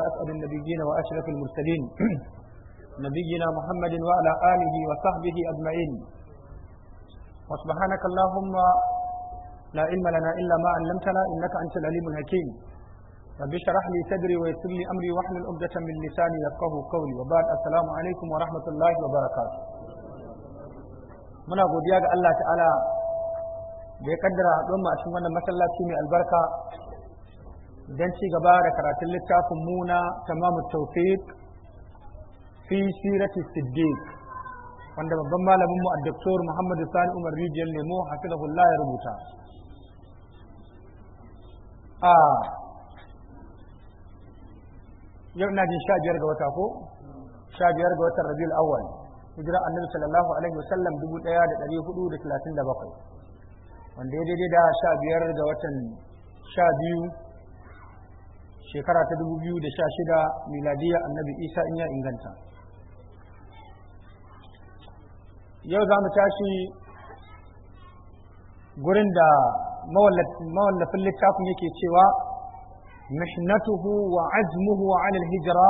أسأل النبيين وأشرف المرسلين نبينا محمد وعلى آله وصحبه أجمعين وسبحانك اللهم لا علم لنا إلا ما علمتنا إنك أنت العليم الحكيم رب اشرح لي صدري ويسر لي أمري واحلل عقدة من لساني يفقهوا قولي وبعد السلام عليكم ورحمة الله وبركاته muna godiya ga Allah ta'ala da ya kaddara don mu a cikin wannan masallaci mai albarka don ci gaba da karatun littafin muna tamamu tawfiq fi sirati siddiq wanda babban malamin mu addoktor muhammadu sani umar rijiyar lemo hafizahullah ya rubuta a yau na jin sha biyar ga wata ko sha biyar ga watan rabiul awwal hijira annabi sallallahu alaihi wasallam dubu daya da dari hudu da talatin da bakwai wanda ya daidai da sha biyar ga watan sha biyu shekara ta dubu biyu da sha shida miladiyya annabi isa in ya inganta yau za mu tashi gurin da mawallafin littafin yake cewa mihnatuhu wa azmuhu anil hijira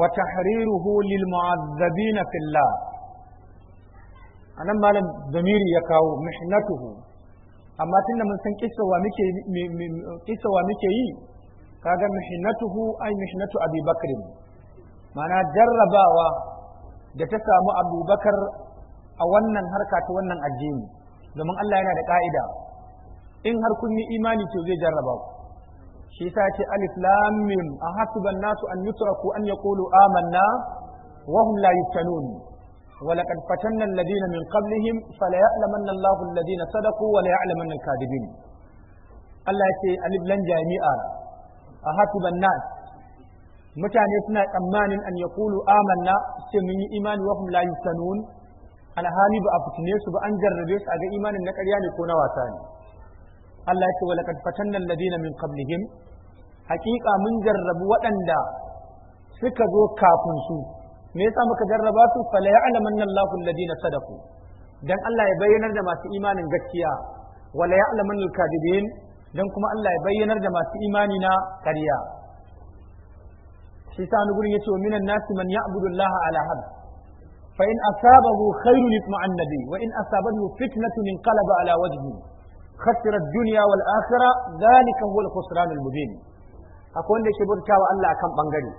wa tahriruhu lil mu'azzabina fillah anan malam zamiri ya kawo mihnatuhu amma tunda mun san kissa wa muke yi kaga mihnatuhu ai mihnatu abi bakrin mana jarrabawa da ta samu abubakar a wannan harka ta wannan addini domin Allah yana da ka'ida in har kun yi imani to zai jarraba ku shi yasa ce alif lam mim a hasiban nasu an yutraku an yaqulu amanna wa hum la yuftanun ولقد فتنا الذين من قبلهم فليعلمن الله الذين صدقوا وليعلمن الكاذبين Allah يقول ألف لن جميعا a hasiban nas mutane suna tsammanin an amana amanna sai mun yi imani wa hum la yusanun alhali ba a fitine su ba an jarrabe su a ga imanin na ƙarya ne ko na wasa ne Allah ya ce wa laqad fatanna alladhina min qablihim haƙiƙa mun jarrabu waɗanda suka zo kafin su me yasa muka jarraba su fala ya'lamanna Allahu alladhina sadaku dan Allah ya bayyanar da masu imanin gaskiya wala ya'lamanna al-kadibin don kuma Allah ya bayyanar da masu imani na ƙarya shi sa wani gurin yace wa minan nasi man ya'budu Allah ala hab fa in asabahu khairun yatma'an nabi wa in asabathu fitnatun inqalaba ala wajhi khasira dunya wal akhirah dhalika huwa al-khusran al-mubin akwai wanda yake wa Allah akan bangare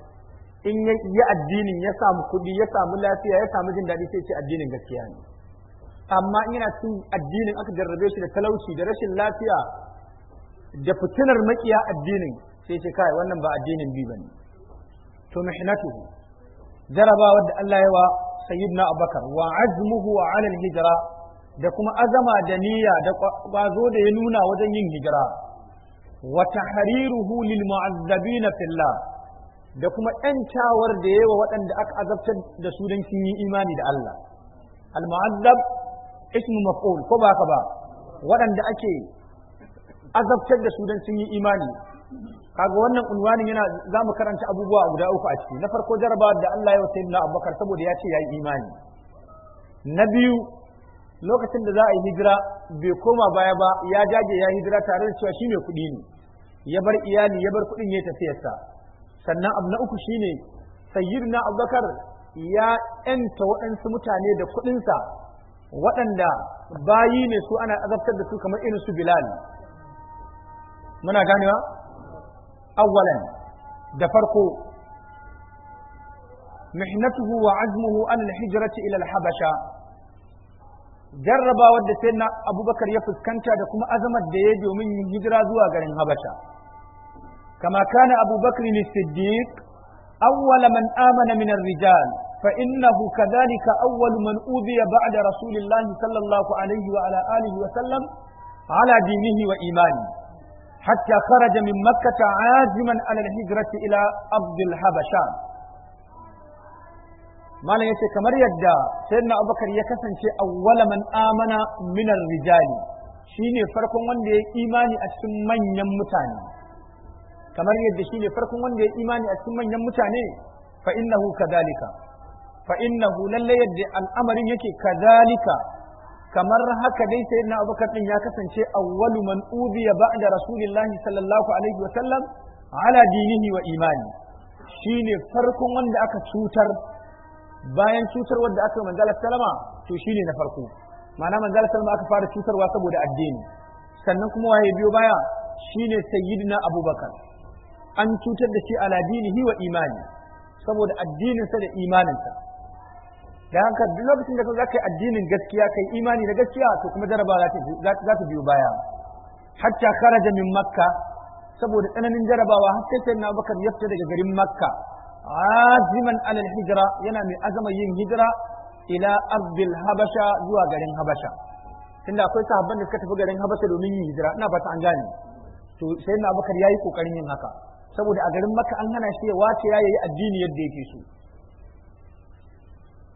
in ya addinin ya samu kuɗi ya samu lafiya ya samu jin daɗi sai ce addinin gaskiya ne amma in yana cikin addinin aka jarrabe shi da talauci da rashin lafiya da fitinar makiya addinin sai ce kai wannan ba addinin bi bane to mihnatuhu jarabawar da Allah wa sayyidina Abubakar wa azmuhu ala al hijira da kuma azama da niyya da kwazo da ya nuna wajen yin hijira wa tahriruhu lil mu'azzabin fillah da kuma ‘yancawar da yawa waɗanda aka azabtar da su don sun yi imani da Allah. Al-mu'azzab ismu maf'ul ko ba ka ba waɗanda ake azabtar da su don sun yi imani kaga wannan unwanin yana za mu karanta abubuwa guda uku a ciki na farko jarabawa da Allah ya wasa na Abubakar saboda ya ce ya yi imani na biyu lokacin da za a yi hijira bai koma baya ba ya jage ya hijira tare da cewa shi mai kuɗi ne ya bar iyali ya bar kuɗin ya tafiyarsa sannan abu na uku shine na Abubakar ya yanta waɗansu mutane da kuɗinsa waɗanda bayi ne su ana azabtar da su kamar irin su Bilal muna ganewa awwalan da farko mihnatuhu wa azmuhu an al ila al-habasha jarraba wadda sai na abubakar ya fuskanta da kuma azamar da ya domin yin hijira zuwa garin habasha kama kana abubakar ne siddiq awala man amana min rijal fa innahu kadhalika awwal man udiya ba'da rasulillahi sallallahu alaihi wa ala alihi wa sallam ala dinihi wa imani hatta kharaja min makkata aziman ala hijrati ila abdul habasha malam yace kamar yadda sayyidina abubakar ya kasance awwala man amana min rijali shine farkon wanda ya imani a cikin manyan mutane kamar yadda shine farkon wanda ya imani a cikin manyan mutane fa innahu kadhalika fa innahu lallai yadda al'amarin yake kazalika. kamar haka dai sayyidina abubakar din ya kasance awwalu man ubiya da rasulillahi sallallahu alaihi wa sallam ala dinihi wa imani shine farkon wanda aka cutar bayan cutar wanda aka manzala sallama to shine na farko ma'ana manzala sallama aka fara cutarwa saboda addini sannan kuma waye biyo baya shine sayyidina abubakar an cutar da shi ala dinihi wa imani saboda addininsa da imaninsa da haka duk lokacin da za ka yi addinin gaskiya ka yi imani da gaskiya to kuma jaraba za ta biyo baya hatta kharaja min makka saboda tsananin jarabawa har sai sayyidina abubakar ya fita daga garin makka aziman alal hijra yana mai azama yin hijira ila ardil habasha zuwa garin habasha tunda akwai sahabban da suka tafi garin habasha domin yin hijira ina fata an gane to sayyidina abubakar yayi kokarin yin haka saboda a garin makka an hana shi ya wace ya yi addini yadda yake so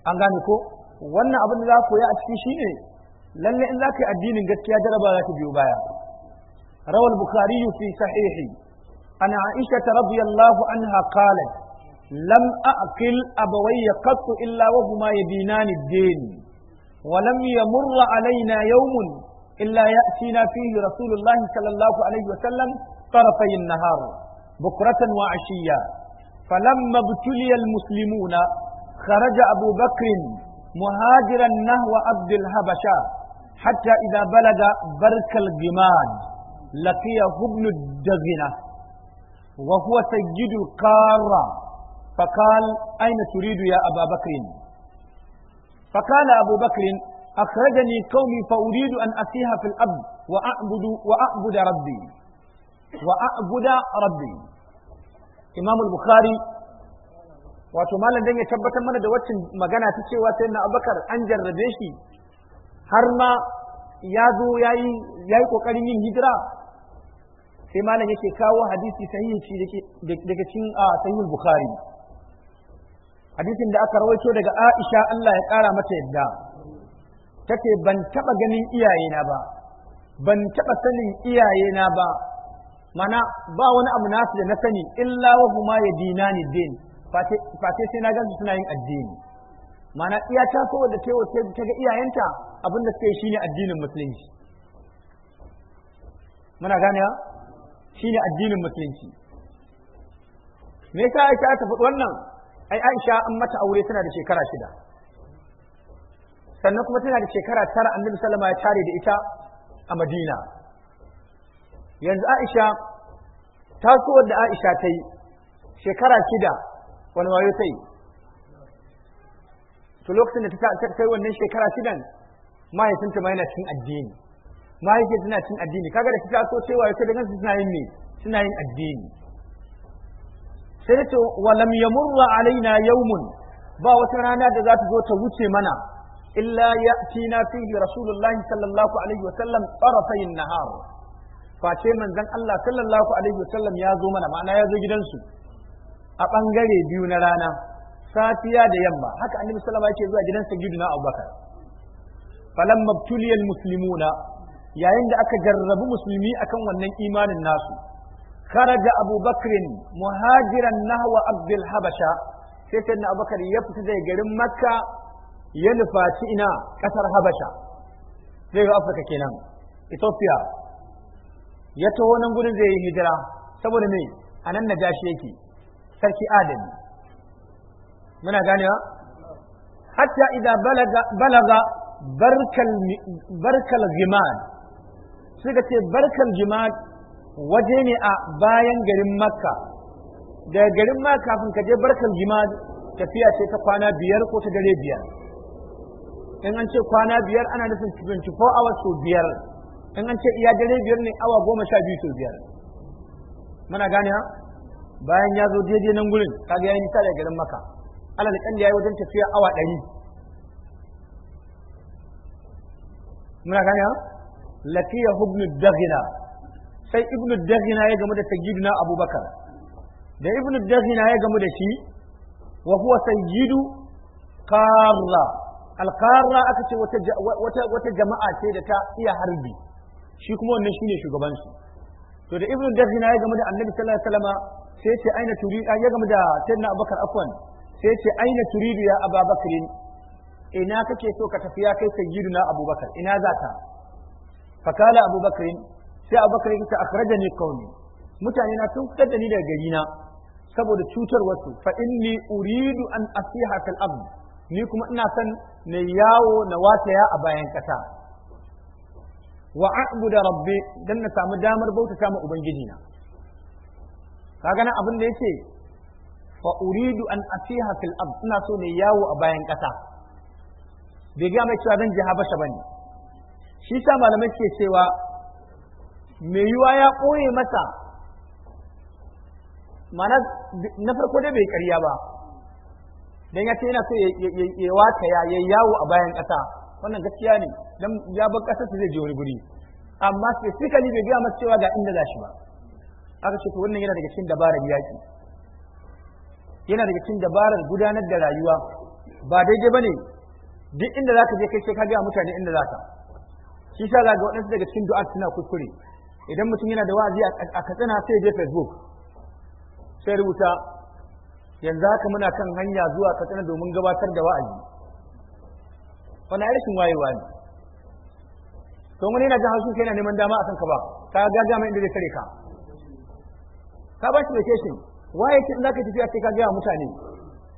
an gane ko wannan abin da za ku yi a ciki shine lalle in za ka yi addinin gaskiya jaraba za ta biyo baya روى البخاري في صحيحه عن عائشة رضي الله عنها قالت لم أأكل أبوي قط إلا وهما يدينان الدين ولم يمر علينا يوم إلا يأتينا فيه رسول الله صلى الله عليه وسلم طرفي النهار بكرة وعشية فلما ابتلي المسلمون خرج أبو بكر مهاجرا نهو عبد الهبشة حتى إذا بلغ برك الجماد لقيه ابن الدغنة وهو سيد القارة فقال أين تريد يا أبا بكر فقال أبو بكر أخرجني قومي فأريد أن أسيح في الأرض وأعبد وأعبد ربي وأعبد ربي إمام البخاري wato malam dan ya tabbatar mana da waccan magana ta cewa sai na abakar an jarrabe shi har ma ya zo yayi yi kokarin yin hijira sai malam yake kawo hadisi sahihi daga cikin sahihul bukhari hadisin da aka rawaito daga aisha Allah ya kara mata yadda tace ban taba ganin iyayena ba ban taba sanin iyayena ba mana ba wani abu nasu da na sani illa wa huma ni din face sai na gansu suna yin addini mana iya ta so da ta ta ga iyayenta abin da suka yi shine addinin musulunci muna gane shine addinin musulunci me yasa Aisha ta faɗi wannan ai Aisha an mata aure tana da shekara shida sannan kuma tana da shekara tara annabi sallama ya tare da ita a Madina yanzu Aisha so da Aisha ta yi shekara shida wani wayo sai to lokacin da ta kai wannan shekara shidan mahaifinta ma yana cin addini mahaifinta tana cin addini kaga da ta so cewa yake da kansu suna yin me suna yin addini sai ta ce wa lam yamurra alaina yawmun ba wata rana da za ta zo ta wuce mana illa ya'tina fihi rasulullahi sallallahu alaihi wa sallam tarafayn nahar face manzon Allah sallallahu alaihi wa sallam ya zo mana ma'ana ya zo gidansu a ɓangare biyu na rana safiya da yamma haka annabi sallama yake zuwa gidan na abubakar falamma musulmuna muslimuna yayin da aka jarrabu musulmi akan wannan imanin nasu kharaja abubakrin muhajiran nahwa abdul habasha sai sayyidina abubakar ya fita daga garin makka ya nufaci ina kasar habasha zai ga afirka kenan ethiopia ya taho nan gudun zai yi hijira saboda me a nan najashi yake sarki adami muna ganewa hatta idan balaga barkal gimad suka ce barkal gimad waje ne a bayan garin makka daga garin makka kafin ka je barkal gimad tafiya ce ta kwana biyar ko ta dare biyar in an ce kwana biyar ana nufin 24 hours so biyar in an ce iya dare biyar ne awa goma sha biyu so biyar muna gane bayan ya zo daidai nan gurin kaga ya yi nisa daga garin maka alal da ya yi wajen tafiya awa ɗari muna gane lakiya ibnu daghina sai ibnu daghina ya gamu da na abubakar da ibnu daghina ya gamu da shi wa huwa sayyidu qarra alqarra aka ce wata wata jama'a ce da ta iya harbi shi kuma wannan shine ne shugabansu. to da ibnu dajjina ya gamu da annabi sallallahu alaihi wasallam sai ce aina turi ya gamu da sayyidina abubakar afwan sai ce aina turidu ya ababakar ina kake so ka tafi ya kai sayyiduna abubakar ina za ta fakala abubakar sai abubakar yake akhrajani qaumi mutane na sun fitar da ni daga gari na saboda cutar wasu fa inni uridu an asiha kal abd ni kuma ina son na yawo na wataya a bayan kasa wa a'budu Rabbe dan na samu damar bautata ma ubangiji na kaga nan abin da yake fa uridu an asiha fil ard ina so ne yawo a bayan kasa bai ga mai cewa zan je habasha bane shi sa malamai ke cewa mai yiwa ya koye masa mana na farko dai bai karya ba dan ya ce yana so ya wata ya yawo a bayan ƙasa. wannan gaskiya ne dan ya bar kasar zai je wani guri amma specifically bai ga masa cewa ga inda za shi ba aka ce to wannan yana daga cikin dabarar yaki yana daga cikin dabarar gudanar da rayuwa ba daidai bane duk inda zaka je kai sai ka ga mutane inda zaka shi sa ga waɗansu daga cikin du'a suna kuskure idan mutum yana da wa'azi a katsina sai je facebook sai rubuta yanzu haka muna kan hanya zuwa katsina domin gabatar da wa'azi wani rashin wayewa ne to wani yana jin haushin kai yana neman dama akan ka ba ka gaga mai inda zai kare ka ka ba shi vacation waye ce in ka tafiya sai ka ga mutane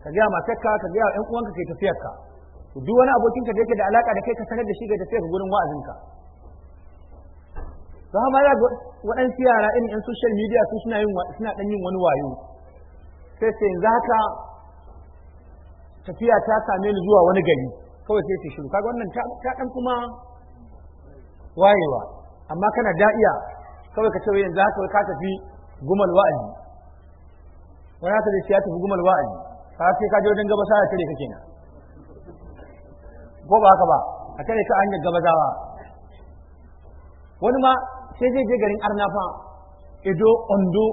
ka ga matarka ka ga 'yan uwanka kai tafiyar ka duk wani abokin ka da yake da alaka da kai ka sanar da shi ga tafiyar gurin wa'azin ka to amma ya ga waɗansu yara in ƴan social media su suna yin suna dan yin wani wayo sai sai yanzu haka tafiya ta same ni zuwa wani gari kawai sai su shiru kaga wannan ta dan kuma wayewa amma kana da'iya kawai ka ce yanzu haka ka tafi gumal wa'azi wani haka shi ya tafi gumal wa'azi ka sai ka je wajen gaba sa tare kake na ko ba haka ba a tare ka hanyar gabazawa wani ma sai zai je garin arnafa ido ondo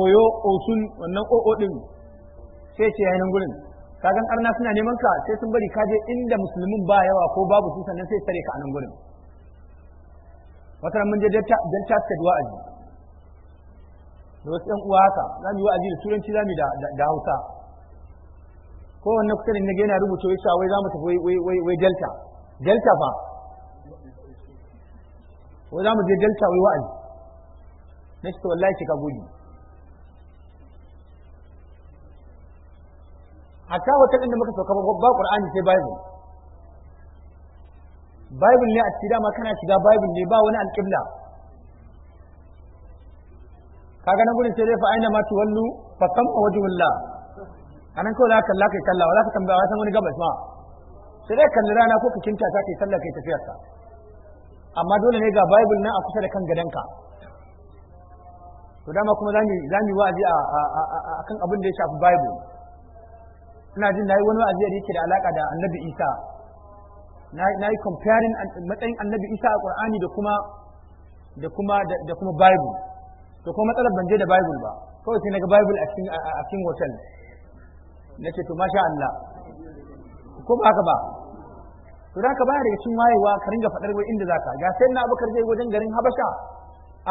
oyo osun wannan o'o din sai ce yayin gurin kagan arna suna neman ka sai sun bari kaje inda musulmin ba yawa ko babu su sannan sai tare ka a nan gurin wata mun je delta state wa'azi da wasu yan uwa haka za mu yi wa'azi da turanci za mu da hausa ko wannan kusa da na gina rubuta wai wai za mu tafi wai delta delta fa wai za mu je delta wai wa'azi na ta wallahi ki ka gudu ta wata da muka sauka ba Qur'ani sai Bible bible ne a ciki dama kana shiga bible ne ba wani alƙibla kaga nan gudun sai dai fa aina ma tuwallu fa kamma wajhullah anan kawai zaka kalla kai kalla wala ka tambaya wa san wani gabas ma sai dai kalli rana ko ka kinta ta kai sallah kai tafiyar ka amma dole ne ga bible nan a kusa da kan ka to dama kuma zamu zamu wa'azi a akan abin da ya shafi bible ina jin nayi wani wa'azi da yake da alaka da annabi Isa na yi comparing matsayin annabi isa a qur'ani da kuma da kuma da kuma bible to kuma matsalar ban je da bible ba kawai sai naga bible a cikin a cikin hotel nace to masha Allah ko ba haka ba to da ka bayar da cikin wayewa ka ringa faɗar wai inda zaka ga sai na abakar zai wajen garin habasha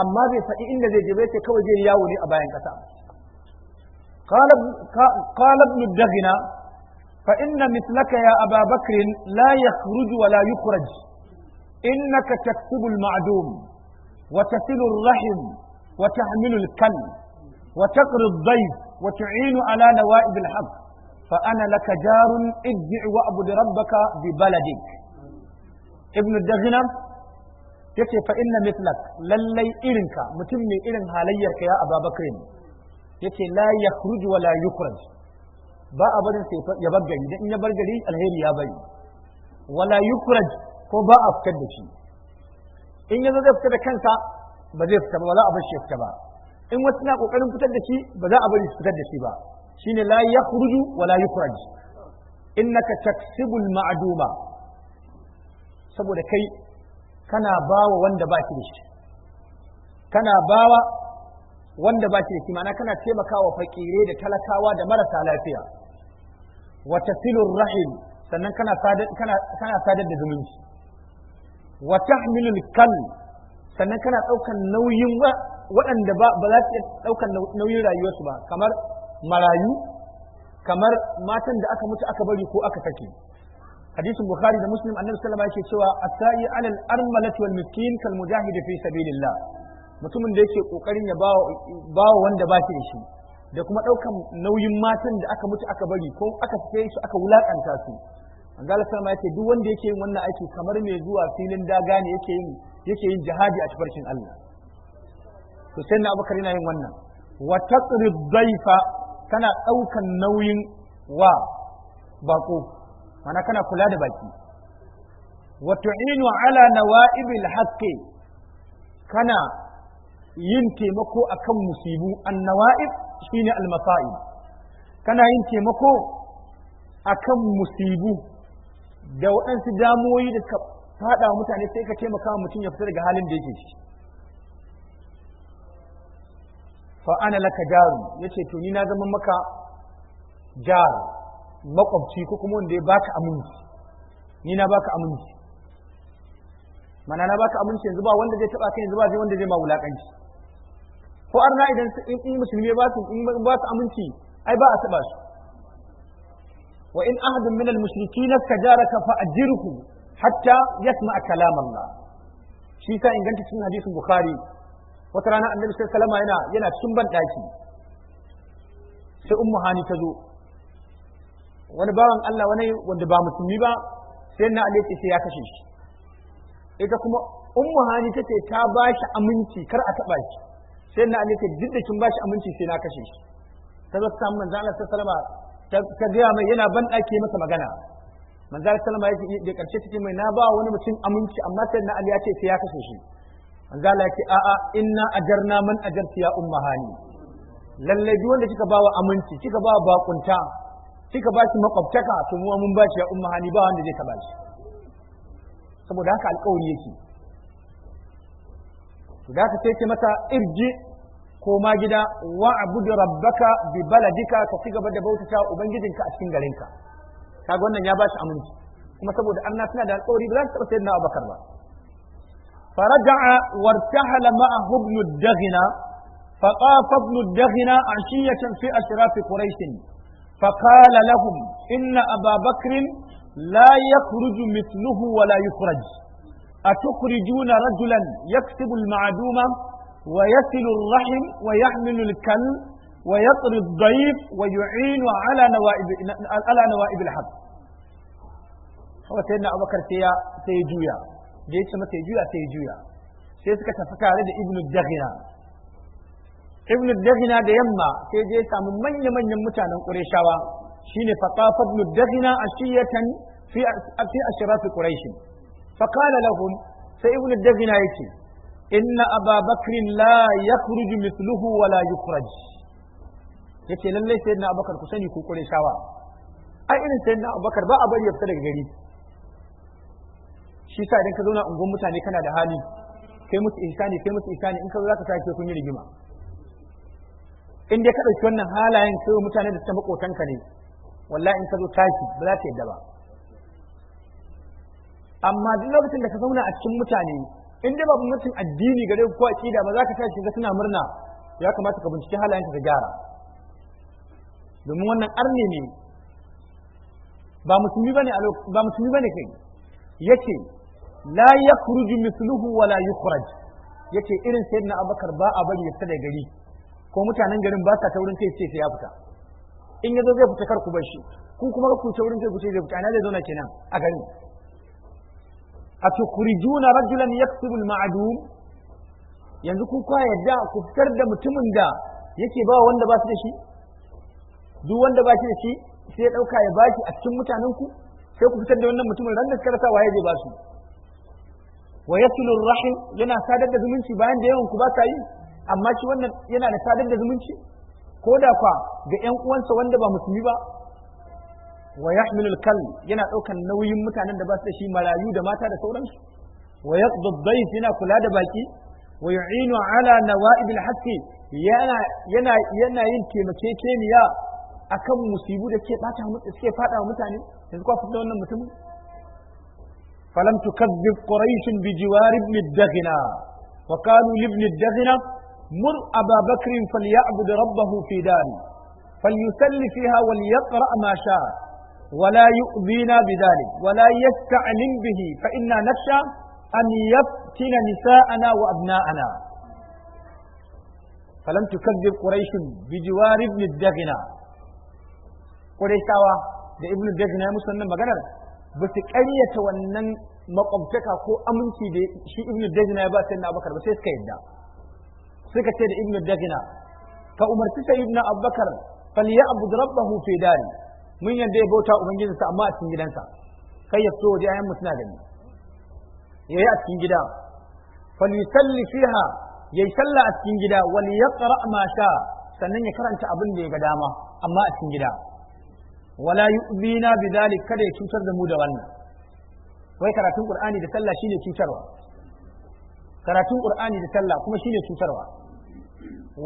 amma bai faɗi inda zai je bai ce kawai zai yawo ne a bayan ƙasa qala qala ibn daghina فإن مثلك يا أبا بكر لا يخرج ولا يخرج إنك تكسب المعدوم وتصل الرحم وتحمل الكل وتقري الضيف وتعين على نوائب الحق فأنا لك جار ادع وأعبد ربك ببلدك ابن الدغنم يكي فإن مثلك للي lallai متمي mutum هاليك يا أبا بكر يكي لا يخرج ولا يخرج ba a barin sai ya bar gari dan in ya bar gari alheri ya bari wala yukraj ko ba a fitar da shi in yazo zai fita da kansa ba zai fita ba wala a bar shi fita ba in wasu na kokarin fitar da shi ba za a bari su fitar da shi ba shine la yakhruju wala yukraj innaka taksibul ma'duma saboda kai kana bawa wanda ba shi da shi kana bawa wanda ba shi da shi ma'ana kana taimakawa fakire da talakawa da marasa lafiya wata silur rahim sannan kana sadar da zumunci wata milul kal sannan kana ɗaukan nauyin waɗanda ba za su ɗaukan nauyin rayuwarsu ba kamar marayu kamar matan da aka mutu aka bari ko aka sake hadisin bukhari da muslim annabi sallallahu yake cewa as alal armalati wal miskin kal mujahid fi sabilillah mutumin da yake kokarin ya bawa wanda ba shi da shi da kuma ɗaukan nauyin matan da aka mutu aka bari ko aka fice su aka wulaƙanta su Allah sama yake duk wanda yake yin wannan aiki kamar mai zuwa filin daga ne yake yin yake yin jihadi a tafarkin Allah to sai na abubakar yana yin wannan wa taqrid dhaifa kana ɗaukan nauyin wa bako mana kana kula da baki wa tu'inu ala nawa'ibil haqqi kana yin taimako akan musibu annawa'ib shine almasa'ib kana yin taimako akan musibu da waɗansu damuwoyi da suka fada mutane sai ka taimaka mutum ya fita daga halin da yake ciki fa ana laka jaru ce to ni na zama maka jaru makwabci ko kuma wanda ya baka aminci ni na baka aminci mana na baka aminci yanzu ba wanda zai taba kai yanzu ba zai wanda zai ma wulakanci ko arna idan in musulmi ba su ba su aminci ai ba a taba su wa in ahadun min al-mushrikeena istajaraka fa ajirhu hatta yasma kalam Allah shi sa inganta cikin hadisin bukhari wata rana annabi sallallahu alaihi yana yana cikin ban daki sai ummu hani ta zo wani bawan Allah wani wanda ba musulmi ba sai na Ali ce ya kashe shi ita kuma ummu hani tace ta ba shi aminci kar a taba shi sai na ali ce duk da kin bashi aminci sai na kashe shi ta zo samu manzo Allah sallama ta gaya mai yana ban ɗaki masa magana manzo Allah sallama ya ce da karshe cikin mai na ba wani mutum aminci amma sai na ali ya ce sai ya kashe shi manzo Allah ya ce a'a inna ajarna man ajarti ya ummahani lallai duk wanda kika bawa aminci kika bawa bakunta kika bashi makwabtaka to mu mun bashi ya ummahani ba wanda zai taba shi saboda haka alƙawari yake za ka ce mata irji ko ma gida wa abudu rabbaka bi baladika ka ci gaba da bautata ubangijinka a cikin garinka kaga wannan ya ba shi aminci kuma saboda Allah suna da alƙawari ba za su taɓa sayar na bakar ba faraja'a wartahala ma'ahu ibn dagina faqafa ibn dagina ashiyatan fi ashrafi quraish فقال لهم إن أبا بكر لا يخرج مثله ولا يخرج أتخرجون رجلا يكسب المعدومة ويصل الرحم ويحمل الكلب ويطري الضيف ويعين على نوائب على نوائب الحب هو سيدنا أبو بكر سيا سيجويا جيت سما سيجويا سيجويا سيسك تفكر على ابن الدغنا ابن الدغنا ده يما سيجي سام من من يمتان قريشاوا شيني فطاف ابن الدغنا أشية في في أشراف قريش فقال لهم سيبن الدزنا يتي إن أبا بكر لا يخرج مثله ولا يخرج yace lallai sai na abubakar ku sani ku kure shawa ai irin sai na abubakar ba a bari ya fita daga gari shi sa idan ka zauna ungon mutane kana da hali kai musu ihsani kai musu ihsani in ka zo zaka sake kun yi rigima in dai ka dauki wannan halayen kai mutane da suka makotanka ne wallahi in ka zo tashi ba za ka yadda ba amma duk lokacin da ka zauna a cikin mutane in dai babu mutum addini gare ku ko aqida ba za ka tashi ga suna murna ya kamata ka binciki halayen ka gyara domin wannan arne ne ba musulmi bane ba musulmi bane kai yace la yakhruju mithluhu wa la yukhraj yace irin sayyidina abakar ba a bari ya fita da gari ko mutanen garin ba sa ta wurin kai sai ya fita in yazo zai fita kar ku bar shi ku kuma ku ta wurin kai ku ce zai fita na zai zauna kenan a garin atukhrijuna rajulan yaktubu al-ma'dum yanzu kuka kwa yadda ku fitar da mutumin da yake ba wanda ba su da shi duk wanda ba shi da shi sai ya dauka ya baki a cikin mutanen ku sai ku fitar da wannan mutumin ran da suka rasa waye zai ba su wa yasulu rahim yana sadar da zumunci bayan da yawan ku ba ta yi amma shi wannan yana da sadar da zumunci ko da kwa ga 'yan uwansa wanda ba musulmi ba wa yahmilu al-kalb yana daukan nauyin mutanen da ba su da shi marayu da mata da sauransu wa yaqdu ad-dayf yana kula da baki wa yu'inu ala nawa'ib al-haqq yana yana yana yin taimakekeniya akan musibu da ke bata suke fada wa mutane yanzu kwa fitar wannan mutumin falam tukazzib quraish bi jiwar ibn ad-daghna wa qalu li ibn ad-daghna mur aba bakr falyabud rabbahu fi dari falyusalli fiha walyaqra ma sha'a ولا يؤذينا بذلك ولا يستعلم به فإنا نخشى أن يفتن نساءنا وأبناءنا فلم تكذب قريش بجوار ابن الدغنة قريشاوة da ibn Dajna ya musu wannan maganar ba su ƙaryata wannan makwabtaka ko aminci da shi ibn Dajna ya ba sai na ba sai suka yadda suka ce da ibn Dajna ka umarci sayyidina Abubakar falyabud rabbahu fi mun yadda ya bauta ubangijinsa amma a cikin gidansa kai ya fito waje ayan mu suna gani yayi a cikin gida falyusalli fiha yayi sallah a cikin gida wal yaqra ma sha sannan ya karanta abin da ya ga dama amma a cikin gida wala yu'bina bidhalik kada ya cutar da mu da wannan wai karatun qur'ani da sallah shine cutarwa karatun qur'ani da sallah kuma shine cutarwa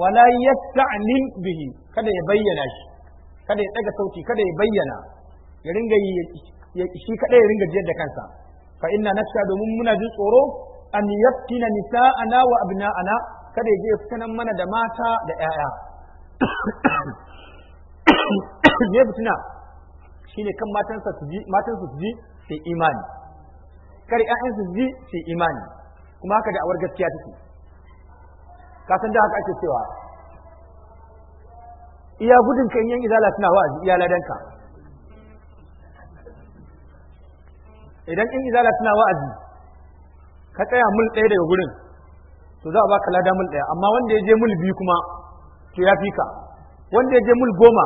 wala yasta'lil bihi kada ya bayyana shi kada ya daga sauti kada ya bayyana ya ringa yi shi kada ya ringa jiyar da kansa fa inna nasha domin muna jin tsoro an yaftina nisa'ana wa abna'ana kada ya je ya fitanan mana da mata da ƴaƴa ne fitina shine kan matansa su ji matansa su ji sai imani kar ƴaƴansu su ji sai imani kuma haka da awar gaskiya take ka san da haka ake cewa iya gudun kan yan izala suna wa'azi iya ka idan yan izala suna wa'azi ka tsaya mul ɗaya daga gudun to za a baka lada mul ɗaya amma wanda ya je mul biyu kuma to ya fi ka wanda ya je mul goma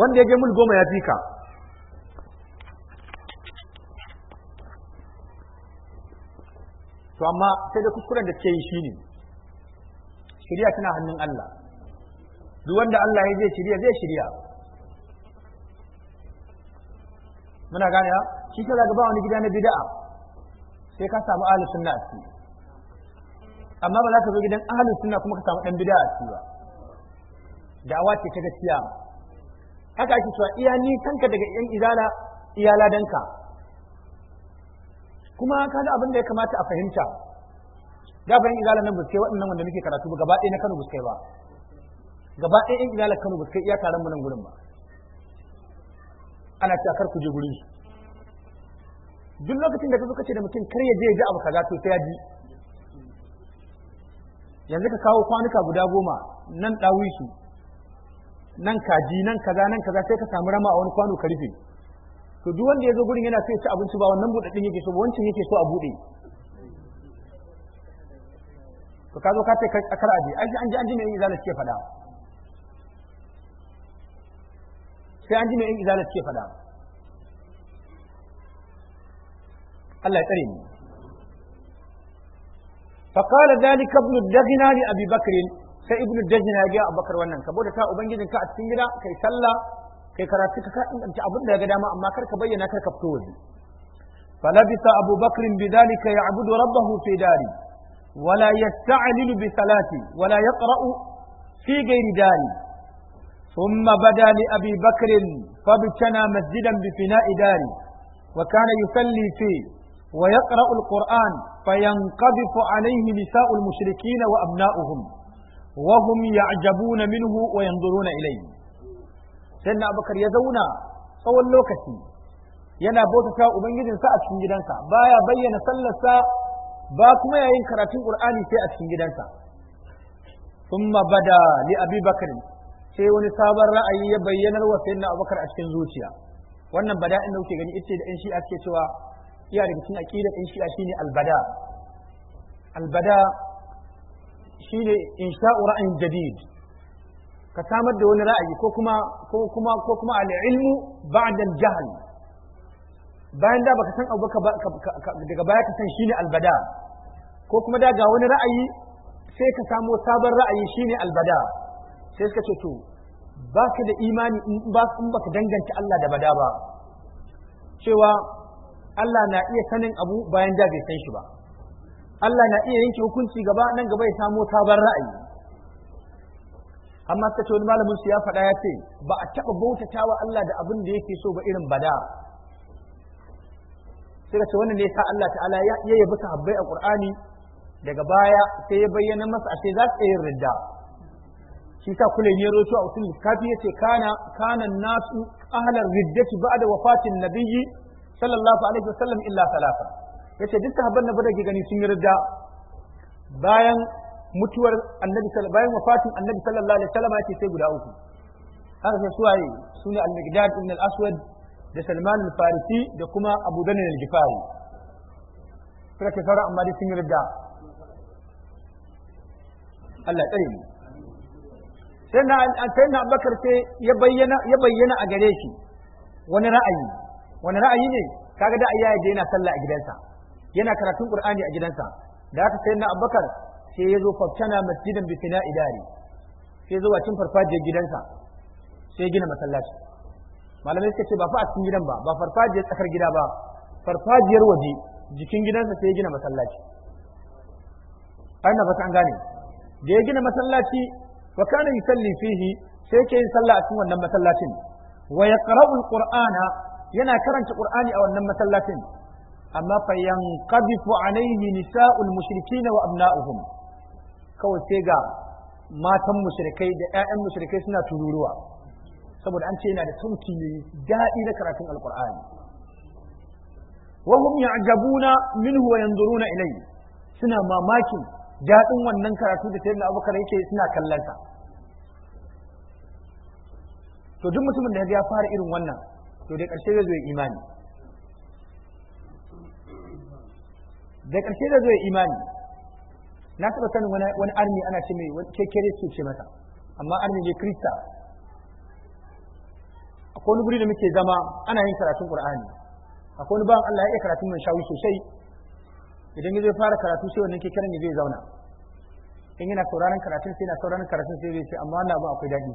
wanda ya je mul goma ya fi ka to amma sai da kuskuren da ke yi shi ne. shirya tana hannun Allah duk wanda Allah ya zai shirya zai shirya muna gane ya shi ke zaga ba wani gida na bid'a sai ka samu ahlus sunna a ciki amma ba za ka zo gidan ahlus sunna kuma ka samu dan bid'a a ciki ba da'awa ce ta gaskiya haka ake cewa iya ni kanka daga yan izala iya ladanka kuma kaga abin da ya kamata a fahimta da fa izala nan buskai waɗannan wanda muke karatu ba gaba ɗaya na Kano buskai ba gaba ɗaya in izala Kano buskai iya taron mu nan gurin ba ana ta kar ku je gurin su duk lokacin da ka zo kace da mutum kar ya je ya ji abu kaza to sai ya ji yanzu ka kawo kwanuka guda goma nan ɗawi su nan kaji nan kaza nan kaza sai ka samu rama a wani kwano ka rufe to duk wanda ya zo gurin yana so ya ci abinci ba wannan buɗaɗɗin yake so ba wancan yake so a buɗe to ka zo ka ce kar aje ai an ji an ji mai yin ke faɗa sai an ji mai yin ke faɗa Allah ya tsare mu dalika ibn ابن li abi bakr sai ibn dajina ya ga abubakar wannan ka ta ubangijin ka a cikin gida kai sallah kai karatu ka inganta abin da ya ga dama amma kar ka bayyana kar ka fito waje falabisa abubakar bidalika ya'budu rabbahu fi dari ولا يستعلل بثلاث ولا يقرأ في غير دار ثم بدا لأبي بكر فابتنى مسجدا بفناء داري وكان يصلي فيه ويقرأ القرآن فينقذف عليه نساء المشركين وأبناؤهم وهم يعجبون منه وينظرون إليه سيدنا أبو بكر يزونا tsawon lokaci yana bautata ubangijinsa ساعه cikin gidansa baya bayyana ba kuma yayin karatun Qur'ani sai a cikin gidansa thumma bada li Abi Bakr sai wani sabon ra'ayi ya bayyana wa sayyidina Abubakar a cikin zuciya wannan bada inda kuke gani ita da in shi ake cewa iya daga cikin in shi shi shine albada albada shine insha'u ra'ayin jadid ka samar da wani ra'ayi ko kuma ko kuma ko kuma al ba'da al-jahl bayan da baka san abu daga baya ka san shine albada ko kuma da ga wani ra'ayi sai ka samo sabon ra'ayi shine albada sai suka ce to baka da imani in baka danganta Allah da bada ba cewa Allah na iya sanin abu bayan da bai san shi ba Allah na iya yanke hukunci gaba nan gaba ya samo sabon ra'ayi amma ta ce wani malamin su ya faɗa ya ce ba a taɓa bautatawa Allah da abin da yake so ba irin bada sai ka ce wannan ne sa Allah ta'ala ya yabi sahabbai a Qur'ani daga baya sai ya bayyana masa a ce za ka yi ridda shi sa kula ne roto a usul kafi yace kana kana nasu ahlar riddati ba'da wafatin nabiyyi sallallahu alaihi wasallam illa talata yace duk sahabban nabi da ke gani sun yi ridda bayan mutuwar annabi sallallahu bayan wafatin annabi sallallahu alaihi wasallam yace sai guda uku har sai suwaye sune al-miqdad ibn al-aswad da Salman farisi da kuma Abu Dhanin al jifari suka ke sauran amma sun yi ridda Allah tsare ne sai na sai na Abubakar sai ya bayyana a gare shi wani ra'ayi wani ra'ayi ne kaga da ayyaye da yana sallah a gidansa yana karatun Qur'ani a gidansa da haka sai na Abubakar sai ya zo fafcana masjidan bi idari sai zo wacin farfajiyar gidansa sai gina masallaci malamai suka ce ba fa a cikin gidan ba ba farfajiyar tsakar gida ba farfajiyar waje jikin gidansa sai ya gina masallaci ana fata an gane da ya gina masallaci wa kana yusalli fihi sai yake yin sallah a cikin wannan masallacin wa yaqra'u alqur'ana yana karanta qur'ani a wannan masallacin amma fa yanqadifu alaihi nisa'ul na wa abna'uhum kawai sai ga matan mushrikai da 'ya'yan mushrikai suna tururuwa saboda an ce yana da sauti mai daɗi na karatun alkur'ani wa ajabuna ya'jabuna minhu wa yanzuruna ilayhi suna mamakin daɗin wannan karatu da sayyidina abubakar yake suna kallon sa to duk mutumin da ya fara irin wannan to da ƙarshe zai zo imani da ƙarshe zai zo imani na taɓa sanin wani armi ana ce mai kekere ce ce mata amma armi ne krista akwai wani guri da muke zama ana yin karatun qur'ani akwai wani ban Allah ya iya karatun mai shawi sosai idan ya zai fara karatu sai wannan kikiran ne zai zauna in yana sauraron karatun sai yana sauraron karatun sai zai ce amma wannan abu akwai daɗi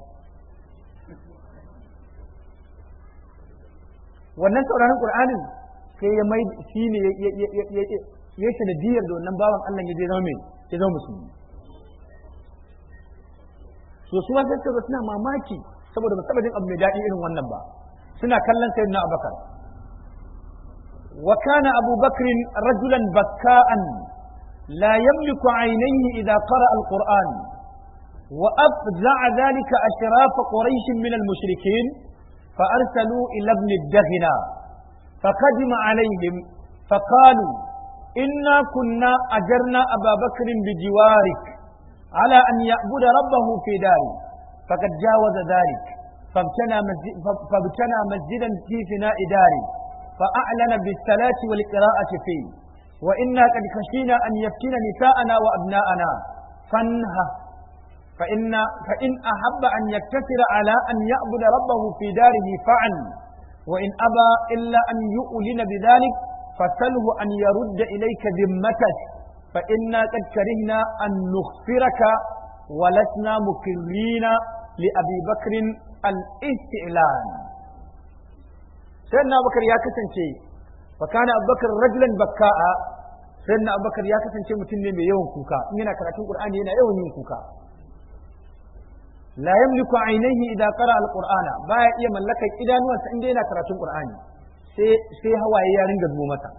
wannan sauraron qur'anin sai ya mai shi ne ya sanadiyar da wannan bawan Allah ya zai zama mai ya zama musulmi su suna mamaki saboda ba taba jin abu mai daɗi irin wannan ba suna kallon sayyidina abubakar wa kana abubakar rajulan bakka'an la yamliku aynayhi idha qara alquran wa وأفزع ذلك أشراف قريش من المشركين فأرسلوا إلى ابن الدغنة فقدم عليهم فقالوا إنا كنا أجرنا أبا بكر بجوارك على أن يعبد ربه في داره فقد جاوز ذلك فابتنى مسجدا في فناء داره فأعلن بالصلاة والقراءة فيه وإنا قد خشينا أن يفتن نساءنا وأبناءنا فانهى فإن, فإن أحب أن يقتصر على أن يعبد ربه في داره فعل وإن أبى إلا أن يؤلن بذلك فسله أن يرد إليك ذمتك فإنا قد كرهنا أن نخفرك ولسنا مكرين لأبي بكر الاستعلان سيدنا أبو بكر يا كسنشي فكان أبو بكر رجلا بكاء سيدنا أبو بكر يا كسنشي متنين يوم كوكا من كراتون القرآن هنا يوم كوكا لا يملك عينيه إذا قرأ القرآن با لك إذا نوانس عندنا كراتون القرآن sai hawaye ya ringa zubo mata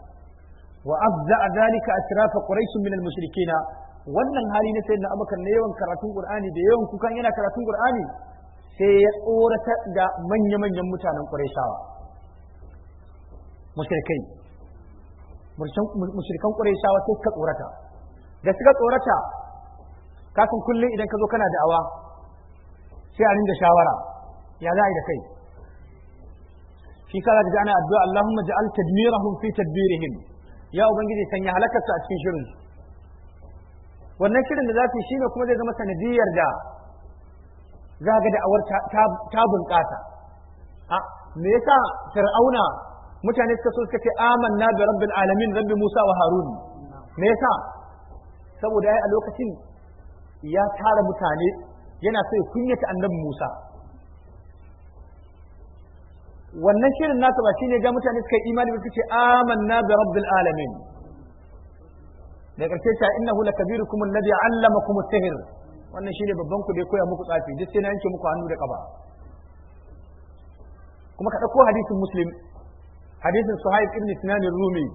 wa afza zalika asrafa quraish min wannan hali na sayyidina abubakar ne yawan karatun qur'ani da yawan kukan yana karatun qur'ani sai ya tsorata ga manya-manyan mutanen qurayshawa mushrikai mushrikan quraishawa sai suka tsorata da suka tsorata kafin kullum idan ka zo kana da'awa sai a da shawara ya za a yi da kai shi kana da ana addu'a Allahumma ja'al tadmirahum fi tadbirihim ya ubangiji sanya halakarsa a cikin shirin wannan shirin da za su yi shine kuma zai zama sanadiyar da za ga da'awar ta bunƙasa a me yasa fir'auna mutane suka so suka ce amanna bi rabbil alamin rabbi musa wa harun me yasa saboda ai a lokacin ya tara mutane yana so ya kunyata annabi musa wannan shirin nasa ba ne ga mutane suka yi imani suka ce amanna bi rabbil alamin da karshe kabiru kuma lakabirukum an lama kuma sihir wannan shine babban ku da koya muku tsafi duk sai na yanke muku hannu da ƙaba. kuma ka dauko hadisin muslim hadisin suhaib ibn sinan rumi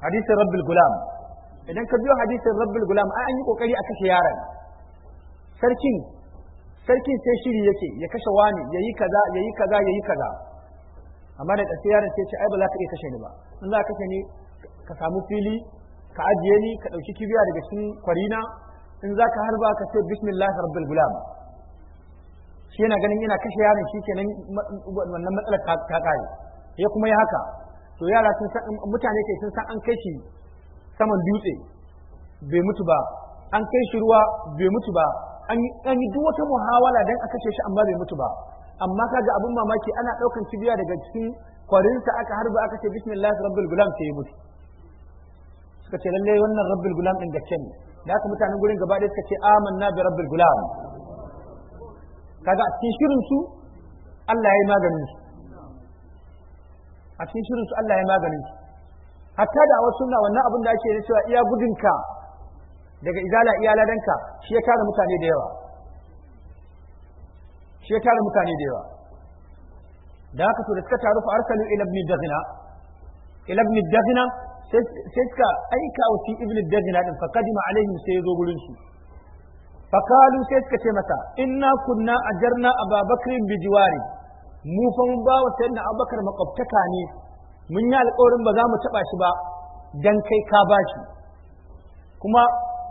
hadisin rabbul gulam idan ka biyo hadisin rabbul gulam ai an yi kokari a kashe yaron sarkin sarkin sai shiri yake ya kashe wani ya yi kaza ya yi kaza ya yi kaza amma da ƙarshe yaron sai ce ai ba za ka iya kashe ni ba in za ka kashe ni ka samu fili ka ajiye ni ka ɗauki kibiya daga cikin kwarina in za ka harba ka ce bismillah rabbil gulam shi yana ganin yana kashe yaron shi kenan wannan matsalar ta kare ya kuma ya haka to yara sun san mutane ke sun san an kai shi saman dutse bai mutu ba an kai shi ruwa bai mutu ba an yi duk wata muhawala dan a kashe shi amma bai mutu ba amma kaga abin mamaki ana ɗaukan kibiya daga cikin kwarinsa aka harba aka ce bismillah rabbil gulam sai ya mutu suka ce lalle wannan rabbul gulam din gaske ne da haka mutanen gurin gaba ɗaya suka ce amanna bi rabbul gulam kaga a cikin shirin su Allah ya yi maganin su a cikin shirin su Allah ya yi maganin su hatta da wasu na wannan abin da ake cewa iya gudunka daga izala iya ladanka shi ya tara mutane da yawa shi ya tara mutane da yawa da haka to da suka taru fa arsalu ila ibn dazina ila ibn dazina sai suka aika wa shi ibn dajna din fa kadima alaihi sai yazo gurin shi fa kalu sai suka ce masa inna kunna ajarna ababakrin bi jiwari mu fa mun ba wa sayyidina abubakar makwabtaka ne mun yi alƙawarin ba za mu taba shi ba dan kai ka ba shi kuma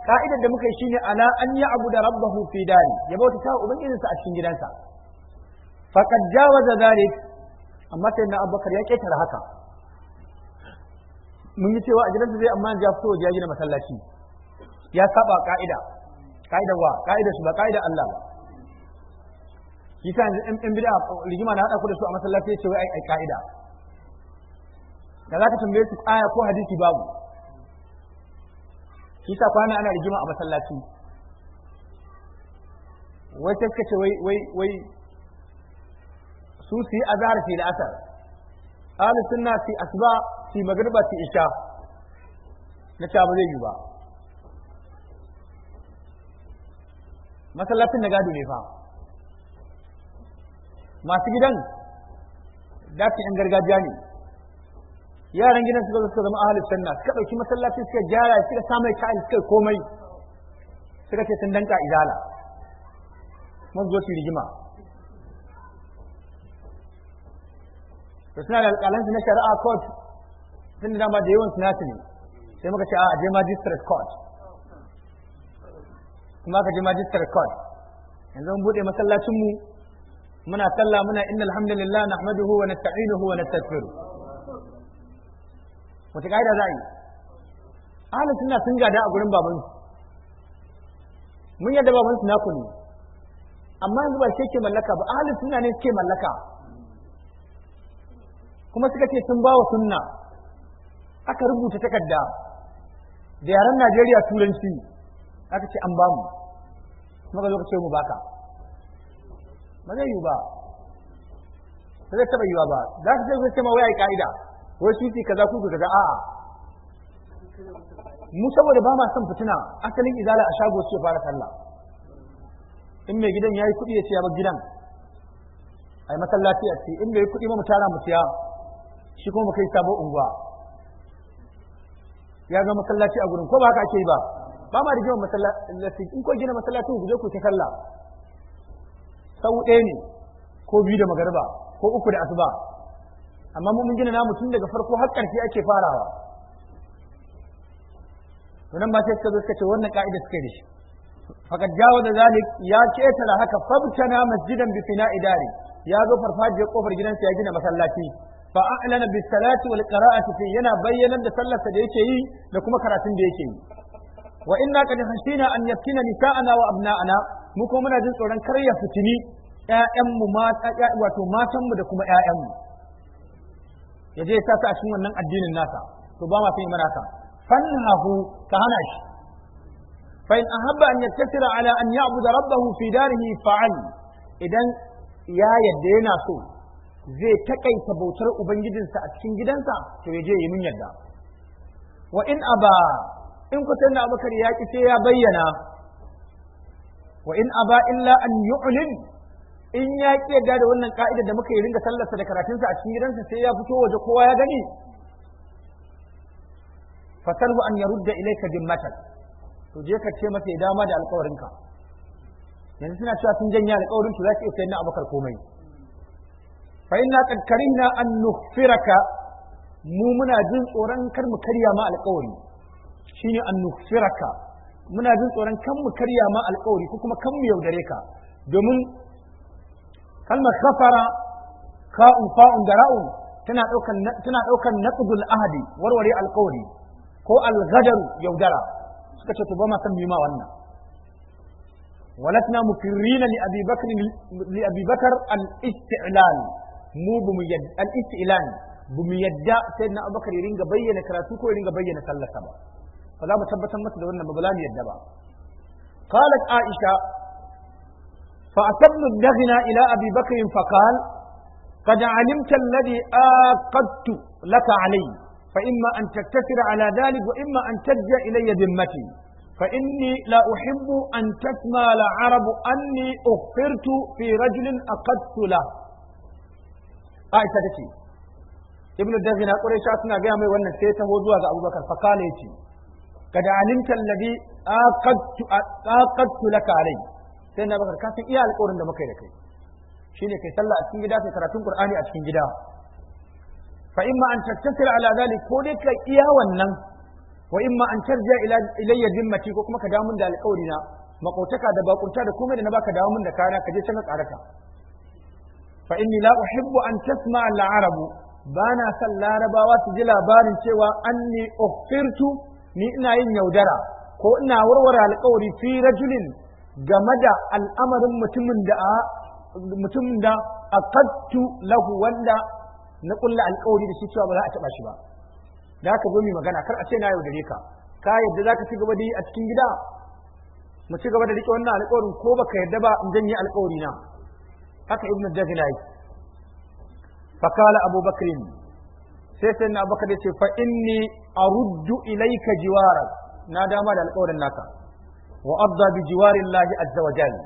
ka'idar da muka yi shine ala an yi abu da rabbahu fi dari ya bauta ta sa a cikin gidansa Fa faqad jawaza dhalik amma sayyidina abubakar ya ketare haka mun yi cewa a gidansa zai amma ya fito ya gina masallaci ya saba ka'ida ka'ida wa ka'ida shi ba ka'ida Allah ba yasa yanzu in bid'a rigima na haɗa ku da su a masallaci ya ce wai ai ka'ida da za ka tambaye su aya ko hadisi babu ta kwana ana rigima a masallaci wai ta suka wai wai wai su su yi asar fi al'asar ahli sunna fi asuba. su magarba su isha na ta ba zai yi ba masallacin na gado ne fa masu gidan dakin yan gargajiya ne yaran gidan suka zo suka zama ahalus sanna suka ɗauki masallaci suka gyara suka samai ta'al suka komai suka ce sun danka izala mun zo rigima to suna da alƙalansu na shari'a court sun da dama da yawan su ne sai muka ce a je magistrate court kuma ka je magistrate court yanzu mun bude masallacin mu muna sallah muna inna alhamdulillah nahmaduhu wa nasta'inuhu wa nastaghfiruh wata kaida za a yi ahli sunna sun gada a gurin baban mun yadda baban su naku ne amma yanzu ba ke mallaka ba ahli sunna ne suke mallaka kuma suka ce sun bawa sunna aka rubuta takarda da yaren Najeriya turanci aka ce an ba mu kuma zo ka mu baka ba zai yiwu ba ta zai taɓa yiwa ba za su zai zai ma waya ka'ida wai su ce kaza ku kaza a'a mu saboda ba ma son fitina asalin izala a shago su fara sallah in mai gidan ya yi kuɗi ya ce ya bar gidan a yi masallaci a ce in bai kuɗi ma mu tara mu siya shi kuma mu kai sabon unguwa ya ga masallaci a gurin ko ba haka ake yi ba ba ma gina masallaci in ko gina masallacin ku je ku ta sallah sau ɗaya ne ko biyu da magariba ko uku da asuba amma mun gina namu tun daga farko har ƙarshe ake farawa to nan ba sai suka zo suka ce wannan ka'ida suka yi fakat da zalik ya ketara haka fabtana masjidan bi fina idari ya zo farfajiyar kofar gidansa ya gina masallaci fa a'lana bis salati wal qira'ati fi yana bayyanar da sallarsa da yake yi da kuma karatun da yake yi wa inna qad khashina an yaftina nisa'ana wa abna'ana mu ko muna jin tsoron kar fitini ƴaƴanmu mata wato matanmu da kuma ƴaƴanmu ya je a cikin wannan addinin nasa to ba ma sai mana fannahu ka hana shi fa in ahabba an yaktasira ala an ya'budu rabbahu fi darihi fa'al idan ya yadda yana so zai takaita bautar ubangijinsa a cikin gidansa to ya je yi min yadda wa in aba in ku sanna abakar ya ki sai ya bayyana wa in aba illa an yu'lin in ya ki yadda da wannan ka'ida da muka yi ringa sallarsa da karatunsa a cikin gidansa sai ya fito waje kowa ya gani fasalhu an yarudda ilayka dimmatan to je ka ce masa ya dama da alƙawarinka yanzu suna cewa sun janye alƙawarin to za su iya sayan na abakar komai فإننا قد كرمنا أن نغفرك مومنا جن أوران كرم كريا ما القول شيني أن نغفرك منا جن أوران كم كريا ما القول كم كم يودريك دومن كلمة غفر خاء فاء دراؤن تنا أوكا تنا نقض الأهد وروري القول كو الغدر يودرا سكتش تبوما تنبي ما وانا ولتنا مكرين لأبي بكر لأبي بكر الاستعلال mu bu mu yadda al-istilan bu mu yadda sai na abubakar ya ringa bayyana karatu ko ya ringa bayyana sallarsa ba ba za mu tabbatar masa da wannan ba ba za mu yadda ba قالت عائشة فأسبن الدغنا إلى أبي بكر فقال قد علمت الذي آقدت لك علي فإما أن تقتصر على ذلك وإما أن تجزى إلي ذمتي فإني لا أحب أن تسمى العرب أني أغفرت في رجل أقدت له aisha ta ce ibnu na quraisha suna gaya mai wannan sai taho zuwa ga abubakar fa kana yace kada alimta alladhi aqadtu aqadtu laka alai sai na bakar iya alƙawarin da muka yi da kai shine kai sallah a cikin gida kai karatun qur'ani a cikin gida fa imma an tattasira ala zalik ko dai ka iya wannan wa imma an tarja ila ilayya zimmati ko kuma ka dawo mun da alƙawari na makotaka da bakunta da komai da na baka dawo mun da kana ka je can ka fa inni la uhibbu an tasma al-arabu bana san larabawa su ji labarin cewa anni ukhirtu ni ina yin yaudara ko ina warware alƙawari fi rajulin game da al'amarin mutumin da a mutumin da lahu wanda na kulla alƙawari da shi cewa ba za a taba shi ba da haka zo mu magana kar a ce na yaudare ka ka yadda zaka ci gaba da yi a cikin gida mu ci gaba da rike wannan alƙawarin ko baka yadda ba in janye alƙawari na haka ibnu jazila yake fakala abubakar sai sai na baka ya ce fa inni aruddu ilaika jiwara na dama da alƙawarin naka wa abda bi jiwarin lahi azza wa jalla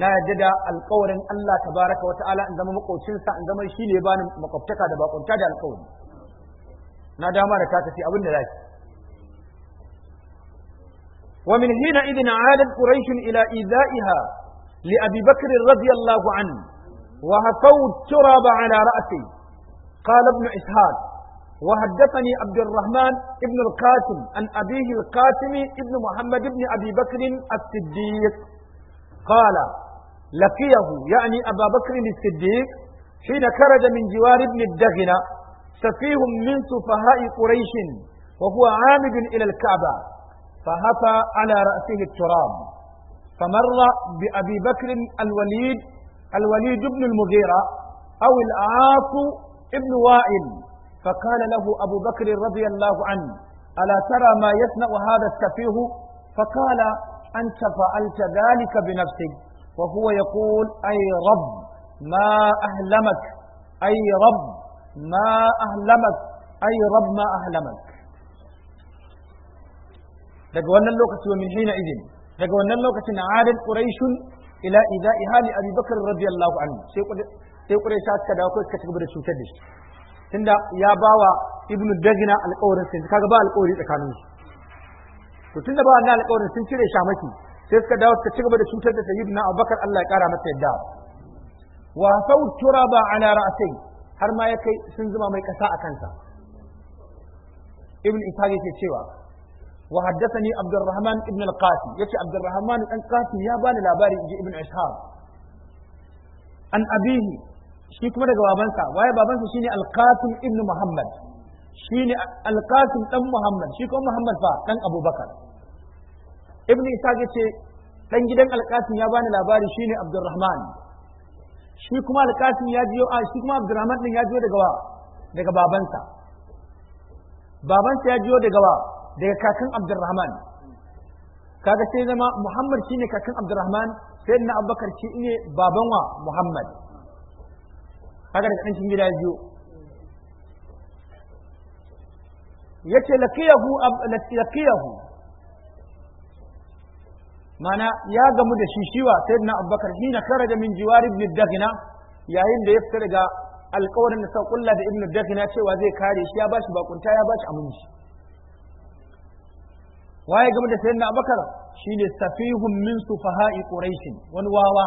na yadda da alƙawarin Allah tabaraka wa ta'ala in zama makocinsa in zama shi ne bani makwabtaka da bakwabta da alƙawari na dama da ta tafi abin da zaki ومن هنا إذ عادت قريش إلى إيذائها لأبي بكر رضي الله عنه وهفوا التراب على رأسي قال ابن إسحاق وحدثني عبد الرحمن ابن القاسم عن أبيه القاسم ابن محمد بن أبي بكر الصديق قال لقيه يعني أبا بكر الصديق حين خرج من جوار ابن الدغنة سفيه من سفهاء قريش وهو عامد إلى الكعبة فهفى على رأسه التراب فمر بأبي بكر الوليد الوليد بن المغيرة أو العاص بن وائل فقال له أبو بكر رضي الله عنه ألا ترى ما يصنع هذا السفيه فقال أنت فعلت ذلك بنفسك وهو يقول أي رب ما أهلمك أي رب ما أهلمك أي رب ما أهلمك لقد قلنا lokaci من حينئذ daga wannan lokacin na adad quraishun ila idza ihali abi bakr radiyallahu anhu sai sai quraisha suka dawo kai suka ci gaba da cutar da shi tunda ya bawa ibnu dagna alƙawarin sai ga ba alƙawari tsakanin su to tunda ba wannan alƙawarin sun cire shamaki sai suka dawo suka ci gaba da cutar da sayyidina abubakar Allah ya kara masa yadda wa sau turaba ala ra'sai har ma ya kai sun zuma mai kasa a kansa ibn ishaq yake cewa wa haddathani Abdurrahman ibn al-Qasim yace Abdurrahman dan Qasim ya bani labari inji Ibn Ishaq an abihi shi kuma daga babansa waye babansa shine al-Qasim ibn Muhammad shine al-Qasim dan Muhammad shi kuma Muhammad fa dan Abubakar Ibn Ishaq yace dan gidan al ya bani labari shine Abdurrahman shi kuma al ya jiyo a shi kuma Abdurrahman din ya jiyo daga wa daga babansa babansa ya jiyo daga wa daga kakan Abdurrahman kaga sai zama Muhammad shine kakan Abdurrahman sai na Abubakar shi ne baban wa Muhammad kaga daga cikin gida biyu yace laqiyahu laqiyahu mana ya gamu da shi shiwa sayyidina Abubakar shi na karaja min jiwar ibn Daghina yayin da ya fita daga alƙawarin da sa kulla da ibn Daghina cewa zai kare shi ya bashi bakunta ya bashi aminci waye game da sayyidina shi shine safihun min sufaha'i quraish wani wawa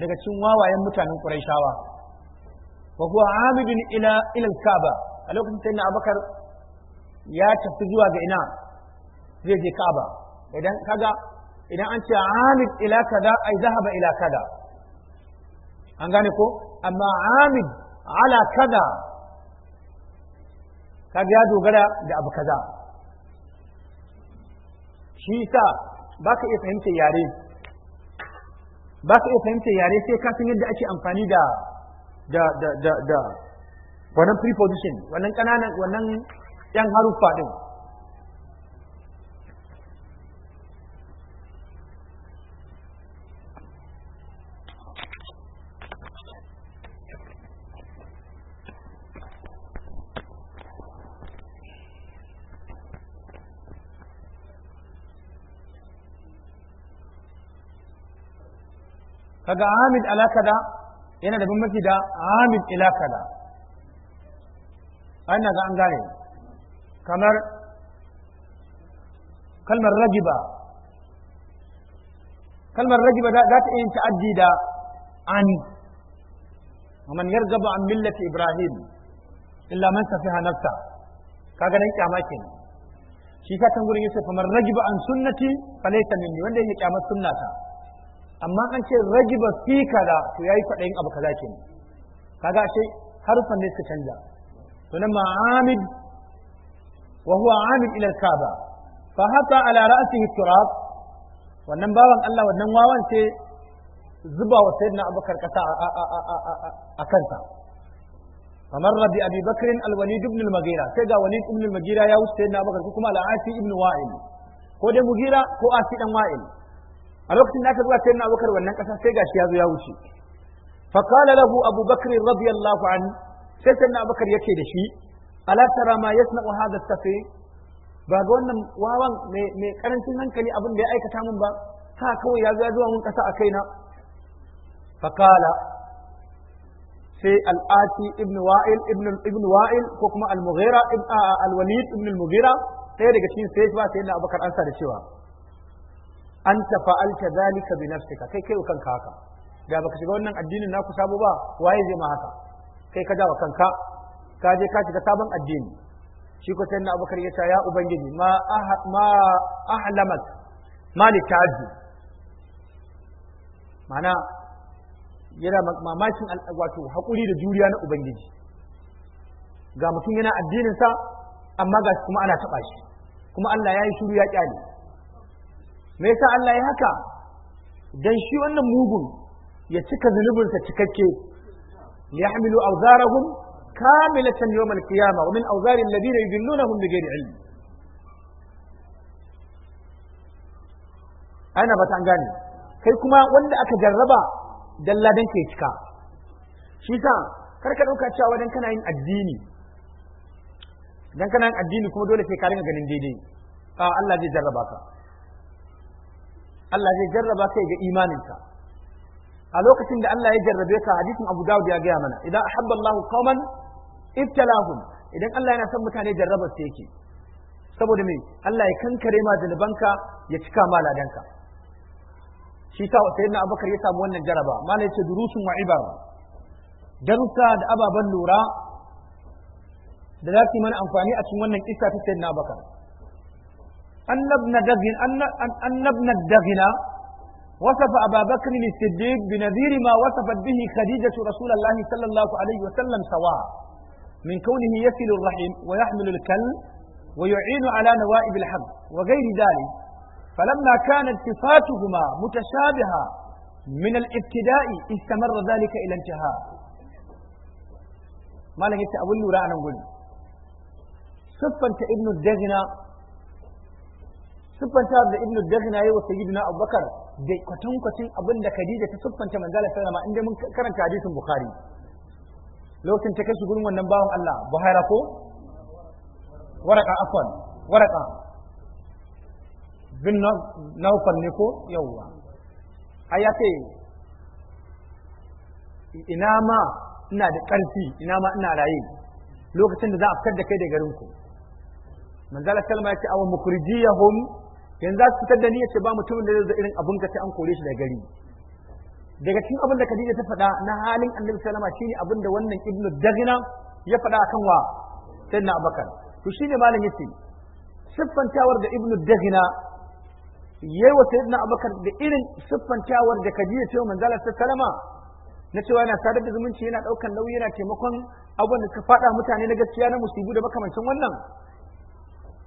daga cikin wawayen mutanen quraishawa wa huwa amidun ila ila al-kaaba a lokacin sayyidina abakar ya tafi zuwa ga ina zai je kaaba idan kaga idan an ce amid ila kaza ai zahaba ila kaza an gane ko amma amid ala kaza kaga ya dogara da abu kaza shi yasa baka iya fahimtar yare baka iya fahimta yare sai ka san yadda ake amfani da da da da wannan preposition wannan kananan wannan yan haruffa ɗin. daga Amid alakada, yana da bambanci da Amid ilakada an ga an gane kamar kalmar rajiba kalmar rajiba za ta iya ta'addi da ani ومن يرغب an millati ibrahim illa man safiha nafsa kaga nan kyama kenan shi ka tangurin yusuf kamar rajiba an sunnati falaysa minni wanda yake kyamar sunnata amma an ce ragiba fi kaza to yayi kwaɗayin abu kaza kenan kaga ashe harufan ne suka canza to nan ma'amid wa huwa amid ila al fa hata ala ra'sihi turab wannan bawan Allah wannan wawan sai zuba wa sayyidina Abubakar kasa a kansa فمر بأبي بكر الوليد بن المغيرة سيدا وليد بن ya wuce سيدنا أبو بكر كما العاسي بن وائل هو ده مغيرة هو آسي بن وائل a lokacin da aka zuwa sayyidina abubakar wannan kasa sai gashi ya zo ya wuce fa qala lahu abubakar radiyallahu an sai sayyidina abubakar yace da shi ala tara ma yasna'u hadha safi ba ga wannan wawan mai karancin hankali abin da ya aikata min ba sa kawai ya zo ya zuwa mun kasa a kaina fa qala sai al'ati ibn wa'il ibn ibn wa'il ko kuma al-mughira ibn al-walid ibn al-mughira sai daga cikin sai ba sai da abubakar ansa da cewa An tafa fa'alta zalika bi nafsika kai kai kanka haka da baka shiga wannan addinin naku sabo ba waye zai ma haka kai ka dawa kanka ka je ka shiga sabon addini shi ko sayyidina abubakar ya ce ya ubangiji ma ma ahlamak mali ta'addi mana yana mamakin wato hakuri da juriya na ubangiji ga mutum yana addinin sa amma ga kuma ana taba shi kuma Allah ya yi shiru ya kyale me yasa Allah ya haka dan shi wannan mugun ya cika zunubinsa cikakke liyahmilu awzarahum kamilatan yawm al-qiyamah wa min awzari alladhina yudillunahum bighairi ilm ana ba ta gane kai kuma wanda aka jarraba dalladan ke cika shi sa kar ka dauka cewa dan kana yin addini dan kana yin addini kuma dole sai ka ringa ganin daidai a Allah zai jarraba ka Allah zai jarraba kai ga imaninka a lokacin da Allah ya jarrabe ka hadisin Abu Dawud ya gaya mana idan ahabba Allah qauman ibtalahum idan Allah yana son mutane jarraba su yake saboda me Allah ya kankare ma zunubanka ya cika ma ladanka shi ta yadda Abakar ya samu wannan jaraba mala yace durusun wa ibar darussa da ababan lura da za su yi mana amfani a cikin wannan kissa ta sayyidina Abubakar أن ابن دغن أن أن ابن الدغن وصف أبا بكر الصديق بنذير ما وصفت به خديجة رسول الله صلى الله عليه وسلم سواء من كونه يسل الرحم ويحمل الكلب ويعين على نوائب الحب وغير ذلك فلما كانت صفاتهما متشابهة من الابتداء استمر ذلك إلى انتهاء ما لقيت أول رأنا نقول صفة ابن الدغنة siffanta da ibn dakhna yayi wa sayyidina abubakar da kwatankwacin abin da khadija ta siffanta manzala sallama inda mun karanta hadisin bukhari lokacin ta kashi gurin wannan bawan Allah buhaira ko waraka afwan waraka bin naufal ne ko yawwa ai ya ce ina ma ina da ƙarfi ina ma ina raye lokacin da za a fitar da kai da garin ku manzala sallama yace awu awa mukrijiyahum yanzu za su fitar da niyyar ce ba mutumin da zai irin abin ka sai an kore shi da gari daga cikin abin da Khadija ta faɗa na halin Annabi sallama shine abin da wannan Ibn Dagna ya faɗa akan wa Sayyidina Abubakar to shine malam yace siffantawar da Ibn Dagna yayi wa Sayyidina abakar da irin siffantawar da Khadija ta manzo Allah sallama na cewa yana sadar da zumunci yana daukan nauyi yana taimakon abin da suka faɗa mutane na gaskiya na musibu da makamancin wannan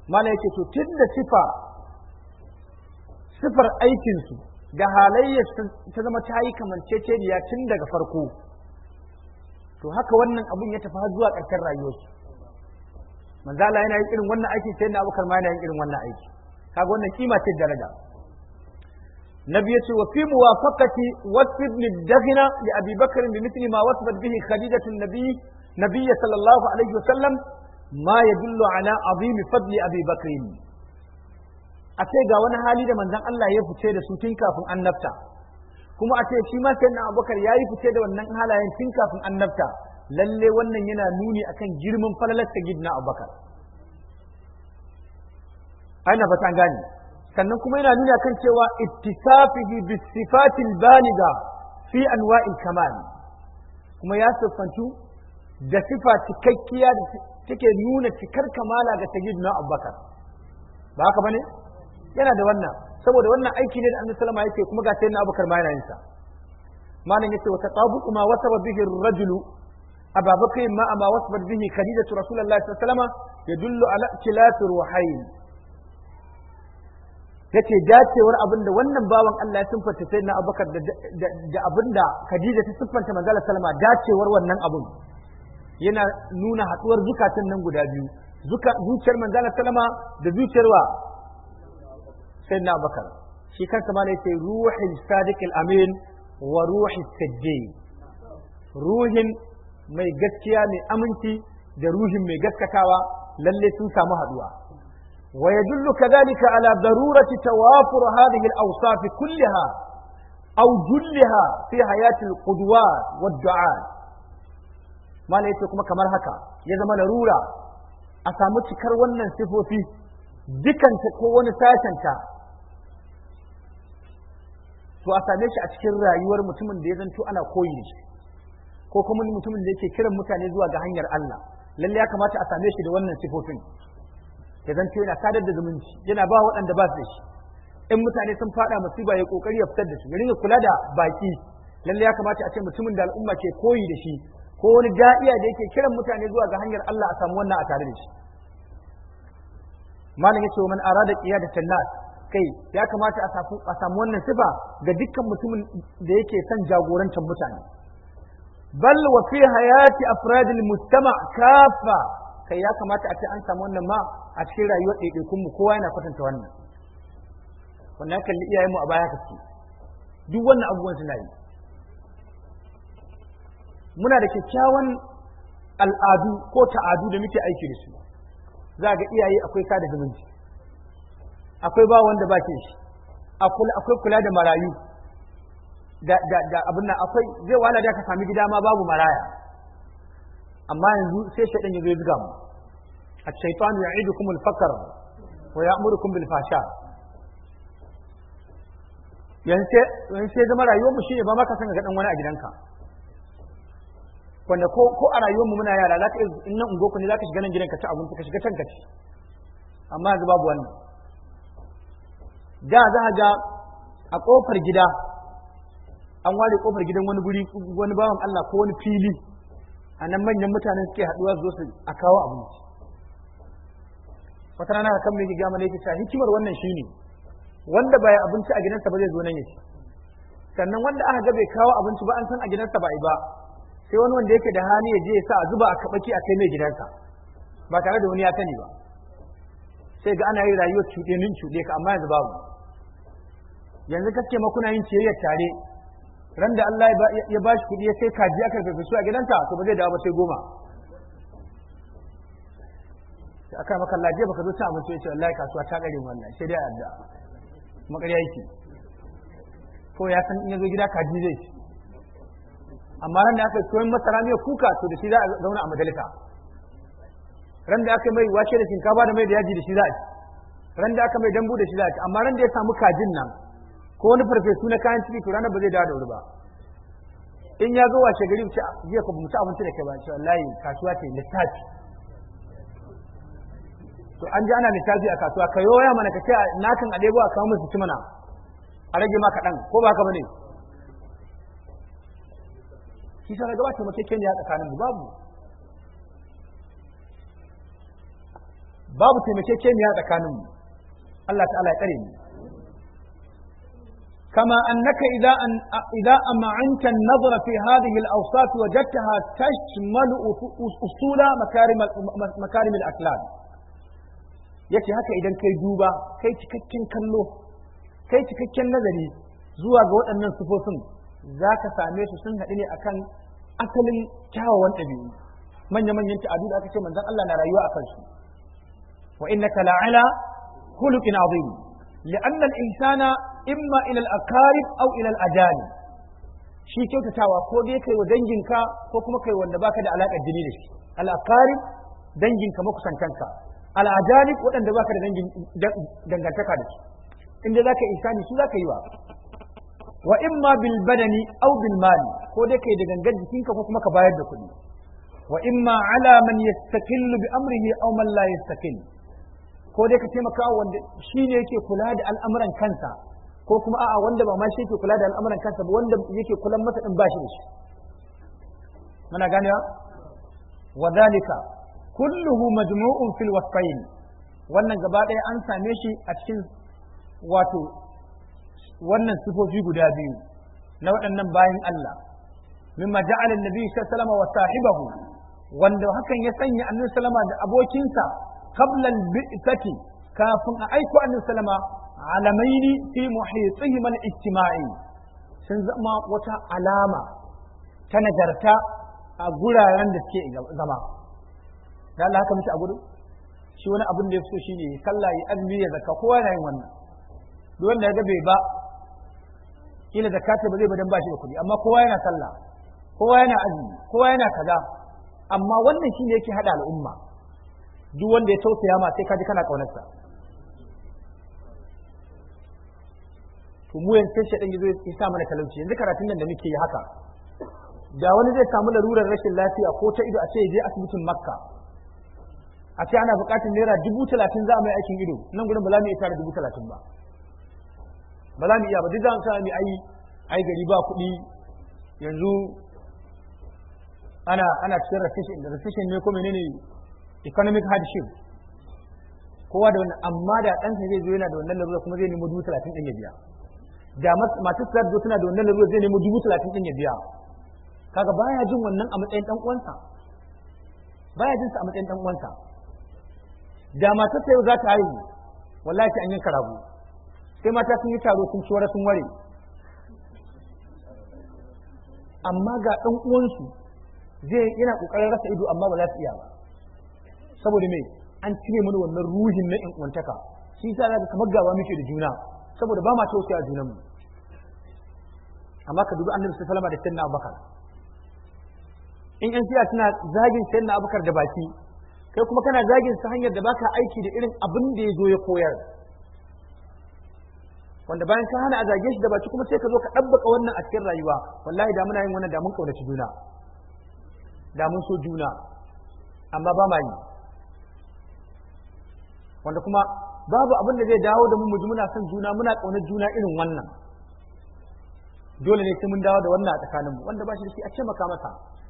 malam yake to tun da sifa sifar aikinsu da halayyar ta zama ta yi kamanceceniya tun daga farko to haka wannan abun ya tafi har zuwa ƙarshen rayuwarsu manzala yana yin irin wannan aiki sai na abokan ma yana yin irin wannan aiki kaga wannan kima ce daraja nabi ya ce wa fi muwafaqati wasf ibn dafina li abi bakr bi mithli ma wasfat bihi khadijatu nabi nabiy sallallahu alaihi wasallam ma yadullu ala azim fadli abi bakr a ce ga wani hali da manzon Allah ya fice da su tun kafin annabta kuma a ce shi ma na Abubakar ya yi fice da wannan halayen tun kafin an nafta, lalle wannan yana nuni akan girman falalar ta sayyidina Abubakar aina fata gani sannan kuma yana nuni kan cewa ittisafihi bi sifatil baliga fi anwa'il kamal kuma ya siffantu da sifa cikakkiya da take nuna cikar kamala ga na Abubakar ba haka bane yana da wannan saboda wannan aiki ne da annabi sallama yake kuma ga sayyidina abubakar ma yana yin sa malam yace wa taqabu kuma wasaba bihi ar-rajulu ababakar ma ma wasaba bihi khadijatu rasulullahi sallallahu alaihi wasallam yadullu ala ikhtilafir ruhayn yace dacewar abinda wannan bawan Allah ya siffanta sai na Abubakar da abinda Khadija ta siffanta manzala Salma dacewar wannan abun yana nuna haɗuwar zukatan nan guda biyu zuciyar manzala Salma da zuciyar wa sayyidina abubakar shi kansa ma ne sai ruhin sadiqil amin wa ruhi sajjai ruhin mai gaskiya mai aminci da ruhin mai gaskatawa lalle sun samu haduwa wa yadullu kadhalika ala darurati tawafur hadhihi al-awsaf kullaha aw julliha fi hayati al-qudwat wad-du'a kuma kamar haka ya zama larura a samu cikar wannan sifofi dukanta ko wani sashenta to a same shi a cikin rayuwar mutumin da ya zanto ana koyi da shi ko kuma mutumin da yake kiran mutane zuwa ga hanyar Allah lalle ya kamata a same shi da wannan sifofin ya zanto yana sadar da zumunci yana ba waɗanda ba su shi in mutane sun fada musiba ya kokari ya fitar da su ya kula da baki lalle ya kamata a ce mutumin da al'umma ke koyi da shi ko wani da'iya da yake kiran mutane zuwa ga hanyar Allah a samu wannan a tare da shi malamin yace wa man arada qiyadatan nas kai ya kamata a samu wannan sifa ga dukkan mutumin da yake son jagorancin mutane bal wa fi hayati afradil mujtama kafa kai ya kamata a ce an samu wannan ma a cikin rayuwar ɗaiɗaikun mu kowa yana kwatanta wannan wannan kalli iyayen mu a baya kace duk wannan abubuwan suna yi muna da kyakkyawan al'adu ko ta'adu da muke aiki da su za ga iyaye akwai sada zumunci akwai ba wanda ba ke shi akwai kula da marayu da abin nan akwai zai wala da ka sami gida ma babu maraya amma yanzu sai shaidan ya zai zuga mu wa ya amuru kuma بالفحشاء yanzu sai zama mu shi ne ba maka san ga ɗan wani a gidanka wanda ko a a mu muna yara zaka in nan ungo ku ne za ka shiga nan gidanka ci abinci ka shiga can ka ci amma yanzu babu wannan da za a ga a kofar gida an ware kofar gidan wani guri wani bawan Allah ko wani fili a nan manyan mutanen suke haɗuwa su zo a kawo abinci wata rana kan mai gama ne ta hikimar wannan ne. wanda ya abinci a gidansa ba zai zo nan yake sannan wanda aka ga bai kawo abinci ba an san a gidansa ba ba sai wani wanda yake da hali ya je ya sa a zuba a kabaki a kai mai gidansa ba tare da wani ya sani ba sai ga ana yin rayuwar cuɗe nin cuɗe ka amma yanzu babu yanzu kake ma kuna yin ciyayyar tare ran da Allah ya ba shi kuɗi ya sai kaji aka su a gidanta to ba zai dawo ba sai goma sai aka maka Allah ba baka zo ta abinci yace wallahi kasuwa ta gare wannan sai dai adda makarya yake ko ya san in zo gida kaji zai ci amma ran da aka koyon masara mai kuka to da shi za a zauna a majalisa ran da aka mai wace da shinkafa da mai da yaji da shi za a ci ran da aka mai dambu da shi za a ci amma ran da ya samu kajin nan ko wani farfesu na kayan ciki to ranar ba zai dawo da wuri ba in ya zo washe gari ce jiya ka mutu abinci da kai ba ce wallahi kasuwa ce littafi to an ji ana littafi a kasuwa ka yoya mana ka ce na kan a ɗebo a kawo musu ci mana a rage ma kaɗan ko ba haka ba ne shi sana gaba taimakeke ne a tsakanin mu babu babu taimakeke ne mu Allah ta'ala ya tsare mu كما أنك إذا, أن إذا أمعنت النظر في هذه الأوصاف وجدتها تشمل أصول مكارم, مكارم الأخلاق yace haka idan kai duba kai cikakken kallo kai cikakken nazari zuwa ga waɗannan sufofin za ka same su sun haɗu ne akan asalin kyawawan ɗabi'u manya-manyan ta'adu da aka ce manzon Allah na rayuwa a kansu wa innaka la'ala khuluqin azim li'anna al-insana imma ilal akarib au ilal ajali shi kyautatawa ko dai kai wa danginka ko kuma kai wanda baka da alaƙar jini da shi al akarib danginka makusantanka al ajali waɗanda baka da dangin dangantaka da shi inda zaka ihsani su zaka yi wa wa imma bil badani aw bil mali ko dai kai da gangan jikinka ko kuma ka bayar da kuɗi wa imma ala man yastaqillu bi amrihi aw man la yastaqil ko dai ka taimaka wanda shi ne yake kula da al'amuran kansa ko kuma a'a wanda ba ma shi yake kula da al'amuran kansa ba wanda yake kula masa din ba shi da shi muna ganewa wa dalika kulluhu majmu'un fil wasfayn wannan gaba ɗaya an same shi a cikin wato wannan sifofi guda biyu na waɗannan bayan Allah mimma ja'ala annabi sallallahu wa sahibahu wanda hakan ya sanya annabi sallama da abokinsa qabla al-bi'tati kafin a aiko annabi sallama alamaini fi muhitsihim mal ijtimai sun zama wata alama ta nagarta a guraren da suke zama da Allah haka mutu a gudu shi wani abin da ya fito shine ya sallah ya azumi ya zakka kowa yana yin wannan duk wanda ya ga bai ba kila zakata ba zai ba dan ba shi da kuɗi amma kowa yana sallah kowa yana azmi kowa yana kaza amma wannan shine yake hada al'umma duk wanda ya tausaya ma sai ka ji kana kaunarsa to mu yanke shi ɗan yazo ya sa mana talauci yanzu karatun nan da muke yi haka da wani zai samu larurar rashin lafiya ko ta ido a ce je asibitin makka a ce ana buƙatar naira dubu talatin za a mai aikin ido nan gudun ba za mu iya tara dubu talatin ba ba za mu iya ba duk za mu sa ai ai gari ba kuɗi yanzu ana ana cikin recession da recession ne ko menene economic hardship kowa da wannan amma da ɗansa zai zo yana da wannan larura kuma zai nemo dubu talatin ɗin ya biya da masu sa da suna da wannan larura zai nemo dubu talatin din ya biya kaga baya jin wannan a matsayin dan uwansa baya jin sa a matsayin dan uwansa da masu sa za ta haihu wallahi an yanka rago sai mata sun yi taro sun shora sun ware amma ga dan uwansu zai yana kokarin rasa ido amma ba za su iya ba saboda me an cire mana wannan ruhin na in uwantaka shi yasa kamar gawa muke da juna saboda ba ma junan mu amma ka dubi annabi sallallahu alaihi wasallam da sayyidina abubakar in yan siya suna zagin sayyidina abubakar da baki kai kuma kana zagin sa hanyar da baka aiki da irin abin da ya zo ya koyar wanda bayan ka hana a zage shi da baki kuma sai ka zo ka ɗabbaka wannan a cikin rayuwa wallahi da muna yin wannan da mun kaunaci juna da mun so juna amma ba ma yi wanda kuma babu abin da zai dawo da mu mu ji muna son juna muna ƙaunar juna irin wannan dole ne sai mun dawo da wannan a tsakanin mu wanda ba shi da shi a ce maka masa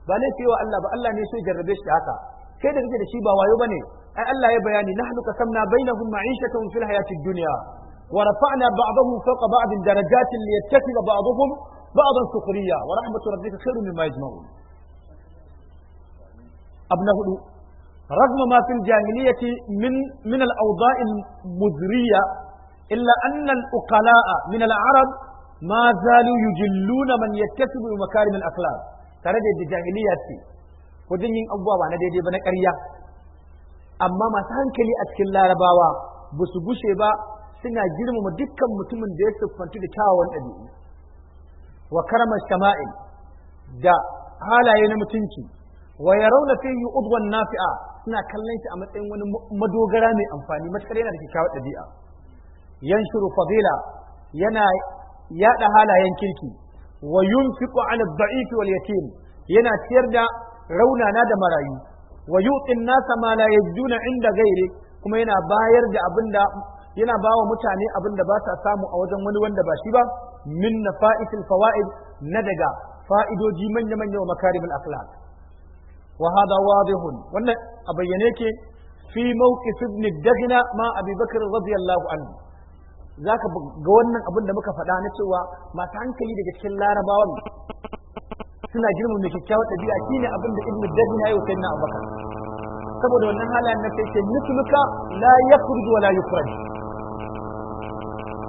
ba laifi wa Allah ba Allah ne sai jarrabe shi haka kai da kake da shi ba wayo bane ai Allah ya bayani nahnu qasamna bainahum ma'ishatan fil hayatid dunya wa rafa'na ba'dahu fawqa ba'din darajatin liyattakhidha ba'dahum ba'dan sukhriya wa rahmatu rabbika khairun mimma yajma'un abna hudu رغم ما في الجاهلية من من الأوضاع المزرية إلا أن الأقلاء من العرب ما زالوا يجلون من يكتسب مكارم الأخلاق ترى دي الجاهلية ودين أبوا وانا دي بنا كريا أما ما تانكلي أتكل لا رباوا بسبوشي با سنة جرم مدكا متمن دي سبحانتو دي أبي وكرم الشمائل دا هالا ينمتنكي ويرون فيه أضوى النافئة suna kallon shi a matsayin wani madogara mai amfani matakar yana da kyakkyawar ɗabi'a yanshuru fadila yana yada halayen kirki wa yunfiqu ala ad wal yatim yana ciyar da raunana da marayu wa in nasa ma la yajiduna inda gairi kuma yana bayar da abinda yana bawa mutane abinda ba sa samu a wajen wani wanda ba shi ba min nafa'isil fawaid na daga fa'idoji manya-manya wa makarimul akhlaq وهذا واضح ولا أبينيك في موقف ابن الدهنة ما أبي بكر رضي الله عنه ذاك قولنا أبن مكة فلانة سوى ما تعنكي لك الشلة رباوان suna girma mai kyakkyawar ɗabi'a shi ne abin da ibnu dabi na yau sai na abubakar saboda wannan halayen na sai ce misluka la yakhruju wa la yukhraj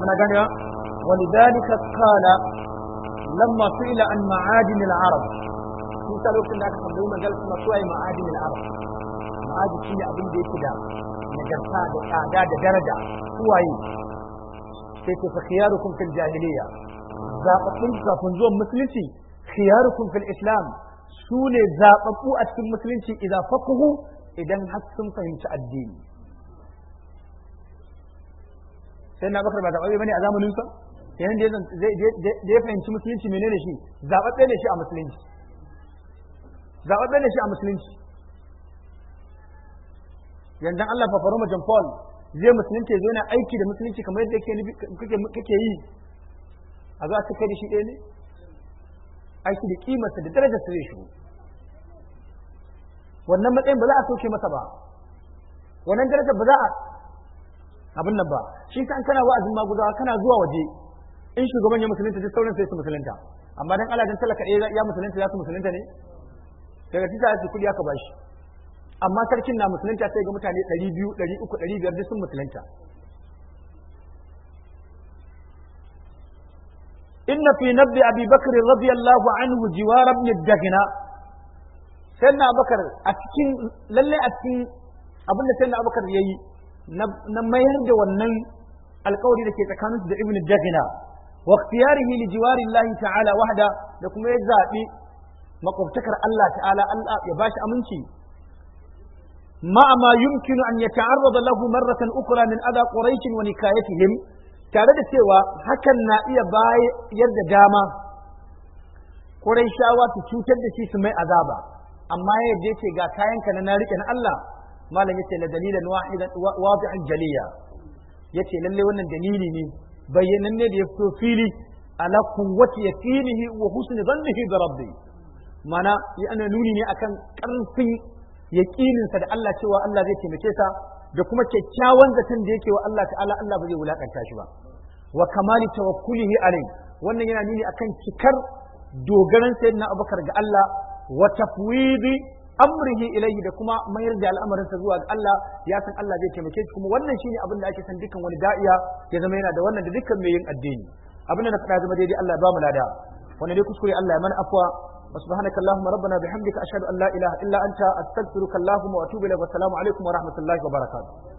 muna gane wa lidhalika qala lamma su'ila an ma'adin al-arab shi sa lokacin da aka tambayi manzal kuma suwa yi ma'adin al'arab ma'adi shi ne abin da yake da nagarta da tsada da daraja suwaye sai ce fa khiyarukum fil jahiliya zababbun kafin zuwan musulunci khiyarukum fil islam su ne zaɓaɓɓu a cikin musulunci idan fakuhu idan har sun fahimci addini sai na bakar ba da bane a zamanin sa yayin da zai fahimci musulunci menene shi zababbe ne shi a musulunci zaɓaɓɓe ne shi a musulunci yanzu Allah fafaroma John Paul zai musulunci zo yana aiki da musulunci kamar yadda kake yi a za a cika da shi ɗaya ne aiki da kimarsa da darajarsa zai shigo wannan matsayin ba za a soke masa ba wannan darajar ba za a abin nan ba shi an kana wa'azin maguzawa kana zuwa waje in shugaban ya musulunta duk sauran sai su musulunta amma dan Allah dan talaka ɗaya ya musulunta za su musulunta ne daga tita ya kuɗi aka bashi amma sarkin na musulunta sai ga mutane 200 300 500 duk sun musulunta inna fi nabbi abi bakr radiyallahu anhu jiwar ibn dagna sayyidina abubakar a cikin lalle a cikin abin da sayyidina abubakar yayi na mayar da wannan alkawari da ke tsakaninsu da ibn dagna wa ikhtiyarihi li jiwarillahi ta'ala wahda da kuma ya zabi makwabtakar Allah ta'ala Allah ya bashi aminci مع ما يمكن أن يتعرض له مرة أخرى من أذى قريش ونكايتهم tare da cewa hakan na iya bayar da dama Qurayshawa su cutar da shi su mai azaba amma yadda yake ga kayanka na rike na Allah malam yace la dalilan wahidan wadihan jaliya yace lalle wannan dalili ne bayyananne da ya fito fili ala quwwati yaqinihi wa husni dhannihi bi rabbi mana yana nuni ne akan karfin yaƙininsa da Allah cewa Allah zai taimake sa da kuma kyakkyawan zaton da yake wa Allah ta'ala Allah ba zai wulakanta shi ba wa kamali tawakkulihi alai wannan yana nuni akan cikar dogaran sayyidina Abubakar ga Allah wa tafwidi amrihi ilayhi da kuma mayar da sa zuwa ga Allah ya san Allah zai taimake shi kuma wannan shine abin da ake san dukkan wani da'iya ya zama yana da wannan da dukkan mai yin addini abin da na faɗa zama daidai Allah ya ba mu lada wanda dai kuskure Allah ya mana afwa وسبحانك اللهم ربنا بحمدك أشهد أن لا إله إلا أنت أستغفرك اللهم وأتوب إليك والسلام عليكم ورحمة الله وبركاته